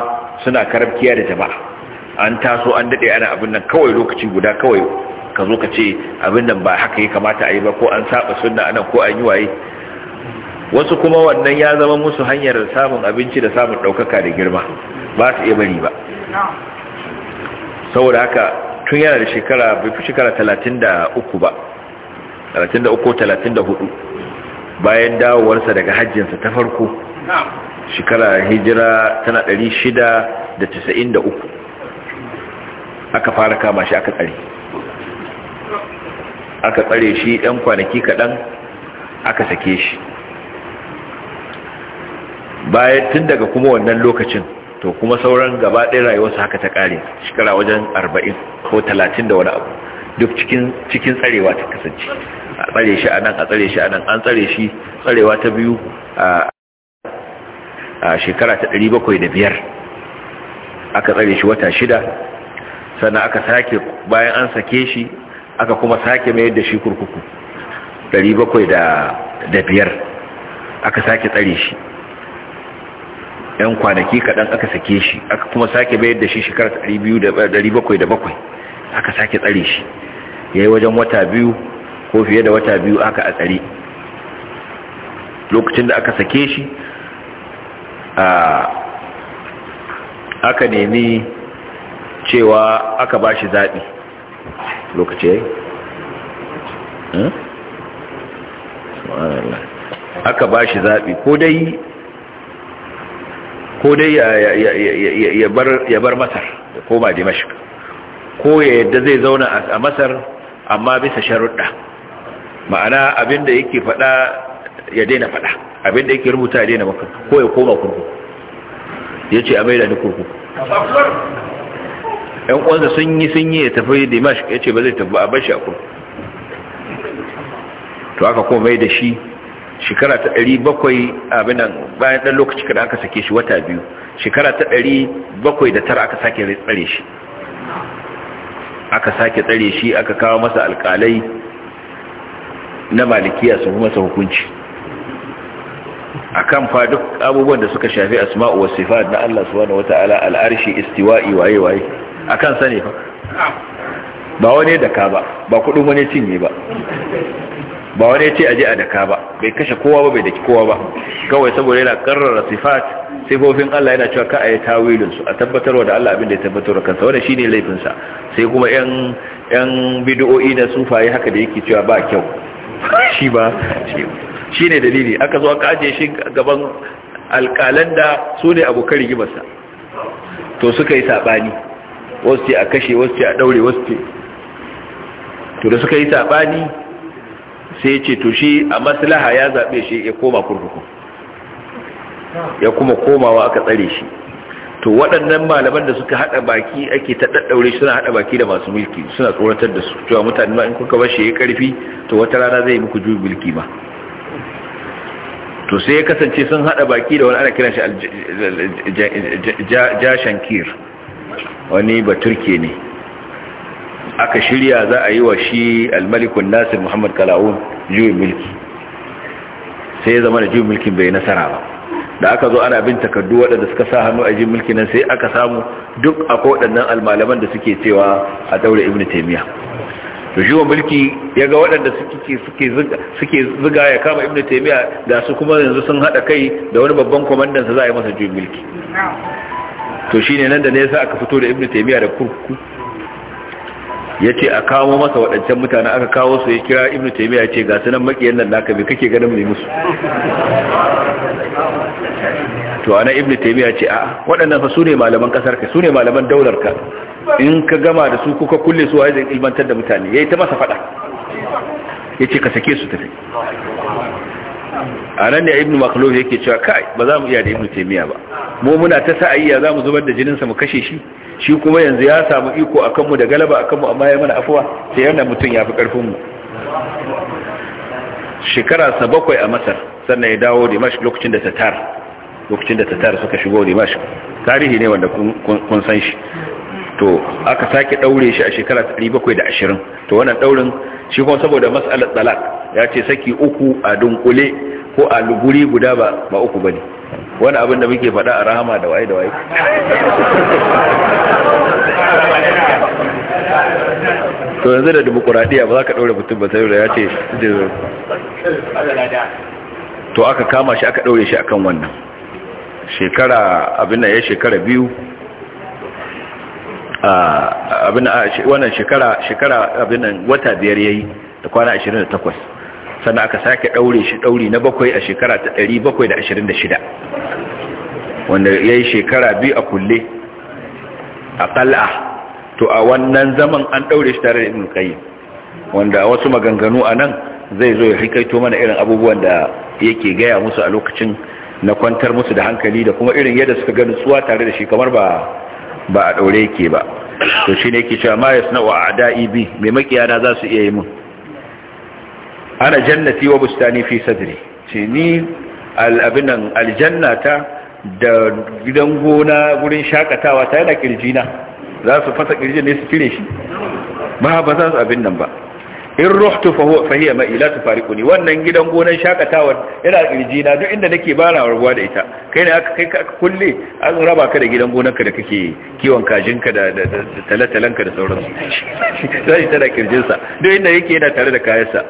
suna karabkiya da jama'a an taso an dade ana abin nan kawai lokaci guda kawai ka zo ka ce abin nan ba haka ya kamata a yi ba ko an saba sunna anan ko an yi waye wasu kuma wannan ya zama musu hanyar samun abinci da samun daukaka da girma ba su iya bari ba saboda haka tun yana da shekara bai fi shekara 33 ba 33 34 bayan dawowarsa daga hajjinsa ta farko shekara hijira tana 693 aka fara kama shi aka tsare aka tsare shi ɗan kwanaki kaɗan aka sake shi bayan tun daga kuma wannan lokacin to kuma sauran gaba ɗaya rayuwarsa haka ta ƙare shekara wajen arba'in ko talatin da wani abu duk cikin tsarewa ta kasance a tsare shi a nan a tsare shi a nan an tsare shi tsarewa ta biyu a shekara ta ɗari bakwai da biyar aka tsare shi wata shida sannan aka sake bayan an sake shi aka kuma sake mayar da shi kurkuku 705 aka sake tsare shi yan kwanaki kaɗan aka sake shi aka kuma sake mayar da shi shekarar bakwai aka sake tsare shi ya yi wajen wata biyu ko fiye da wata biyu aka a tsare lokacin da aka sake shi aka nemi cewa aka ba shi zaɓi lokaci hmm? aka ba shi zaɓi ko dai ko dai ya bar masar ya koma dimashik ko ya yadda zai zauna a masar amma bisa sharuɗa ma'ana abinda yake faɗa ya daina faɗa abinda yake rubuta ya daina maka ko ya koma kurkuku ya ce a da ni kurkuku yan uwansa sun yi sun yi ya tafi dimash ya ce ba zai tafi a bashi a kurkuku to aka kuma mai da shi shekara ta ɗari bakwai abinan bayan ɗan lokaci kada aka sake shi wata biyu shekara ta ɗari bakwai da tara aka sake tsare shi aka sake tsare shi aka kawo masa alƙalai na malikiya su kuma masa hukunci akan fa duk abubuwan da suka shafi asma'u wasifa sifat na Allah subhanahu wataala al-arshi istiwa'i waye waye a kan sani ba ba wani daka ba ba kudin wani cinye ba ba wani ce aje a daka ba bai kashe kowa ba bai daki kowa ba kawai saboda yana karrara sifat sifofin Allah yana cewa ka a yi tawilin su a tabbatarwa da Allah abin da ya da kansa wanda shine laifin sa sai kuma yan yan bid'o'i da sufaye haka da yake cewa ba kyau shi ba Shi ne dalili aka zo aka aje shi gaban alƙalan da su ne abokan rigimarsa to suka yi saɓani wasu ce a kashe wasu ce a daure wasu ce to da suka yi saɓani sai ce to shi a maslaha ya zaɓe shi ya koma kurkuku ya kuma komawa aka tsare shi to waɗannan malaman da suka haɗa baki ake ta suna haɗa baki da masu mulki suna tsoratar da su cewa mutane ma in kuka bar shi ya karfi to wata rana zai muku juyi mulki ma to sai ya kasance sun haɗa baki da wani ana kiran shi jashankir wani baturke ne aka shirya za a yi wa shi almalikun nasir muhammad kalawun juyin mulki sai ya zama da juyin mulkin bai nasara ba da aka zo ana bin takardu waɗanda suka sa hannu a juyin mulki nan sai aka samu duk a waɗannan almalaman da suke cewa a daure ibn taimiyya da juyin mulki ya ga waɗanda suke ziga ya kama ibn taimiyya da su kuma yanzu sun haɗa kai da wani babban kwamandansa za a yi masa juyin mulki to shine nan da ne yasa aka fito da ibnu taymiya da kurkuku yace a kawo masa waɗancan mutane aka kawo su ya kira ibnu taymiya yace ga sunan makiyan nan naka me kake ganin mai musu to ana ibnu taymiya ce a waɗannan fa sune malaman kasar ka sune malaman daular ka in ka gama da su kuka kulle su wai zai ilmantar da mutane yayi ta masa fada yace ka sake su tafi a nan ne ibnu makhluf yake cewa kai ba za mu iya da ibn taymiya ba mu muna ta sa'ayya za mu zubar da jinin sa mu kashe shi shi kuma yanzu ya samu iko akan mu da galaba akan mu amma ya mana afuwa sai yana mutun yafi karfin mu shekara sa bakwai a masar sannan ya dawo dimash lokacin da tatar lokacin da tatar suka shigo dimash tarihi ne wanda kun san shi to aka sake daure shi a shekara 720 to wannan daurin shi kuma saboda mas'alar talak ya ce saki uku a dunkule ko a luguri guda ba ba uku bane wani abin da muke faɗa a rahama da waye da waye to yanzu da kuradiya ba za ka ɗaure mutum ba sai ya ce to aka kama shi aka ɗaure shi akan wannan shekara abin nan ya shekara biyu abin wannan shekara shekara abin nan wata biyar yayi da kwana 28 sannan aka sake daure shi dauri na bakwai a shekara ta 726 wanda yayi shekara biyu a kulle a ƙal'a, to a wannan zaman an daure shi tare da Ibn Qayyim wanda wasu maganganu a nan zai zo ya rikaito mana irin abubuwan da yake gaya musu a lokacin na kwantar musu da hankali da kuma irin yadda suka ga nutsuwa tare da shi kamar ba ba a ɗaure ke ba to shi ne ke cewa ma ya suna wa da'i bi mai na za su iya yi mun ana jannati wa bustani fi sadri ce ni al'abinan aljannata da gidan gona gurin shakatawa ta yana kirjina za su fasa kirjin ne su cire shi ba ba za su abin nan ba in ruhtu fa fahiya ma'i la tufariquni wannan gidan gonan shakatawa yana kirji na duk inda nake bana warwa da ita kai ne aka kai ka kulle an raba ka da gidan gonarka da kake kiwon kajinka da talatalanka da sauran su. sai tana kirjin sa duk inda yake yana tare da kayansa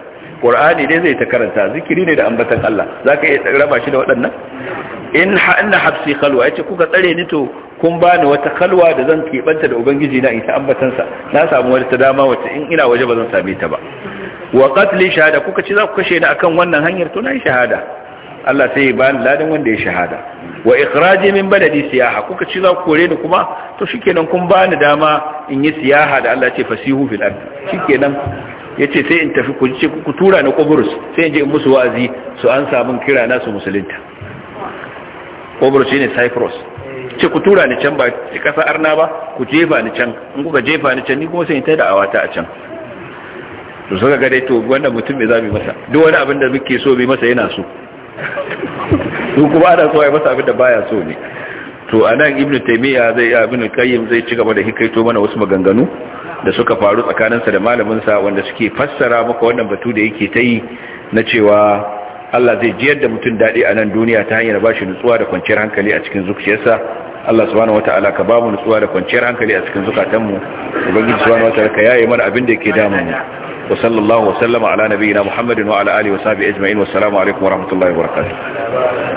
qur'ani dai zai ta karanta zikiri ne da ambatan Allah zaka iya raba shi da waɗannan in inna habsi khalwa yace kuka tsare ni to kun bani wata kalwa da zan keɓanta da ubangiji na ita ambatansa na samu wata dama wacce in ina waje ba zan same ta ba wa qatli shahada kuka ci za ku kashe ni akan wannan hanyar to nayi shahada Allah sai ya bani ladan wanda ya shahada wa ikhraji min baladi siyaha kuka ci za ku kore ni kuma to shikenan kun bani dama in yi siyaha da Allah ce fasihu fil ard shikenan yace sai in tafi ku ce ku tura ni Qabrus sai in je in musu wa'azi su an samu kira na su musulunta Qabrus shine Cyprus ce ku tura ni can ba kasa arna ba ku jefa ni can in kuka jefa ni can ni kuma sai in tada awata a can to saka ga dai to wannan mutum me zabi masa duk wani abin da muke so bi masa yana so ku kuma ana so ai masa abin da baya so ne to anan ibnu taymiya zai ibnu qayyim zai ci gaba da hikaito mana wasu maganganu da suka faru tsakaninsa da malamin sa wanda suke fassara maka wannan batu da yake ta yi na cewa Allah zai jiyar da mutum daɗi a nan duniya ta hanyar ba shi nutsuwa da kwanciyar hankali a cikin zuciyarsa Allah subhanahu ta'ala ka mu nutsuwa da kwanciyar hankali a cikin zukatanmu ubangiji subhanahu wata'ala ka yaye mana abin da yake damun mu wa sallallahu wa sallama ala nabiyyina muhammadin wa ala alihi wa sahbihi ajma'in wa assalamu alaikum wa rahmatullahi wa barakatuh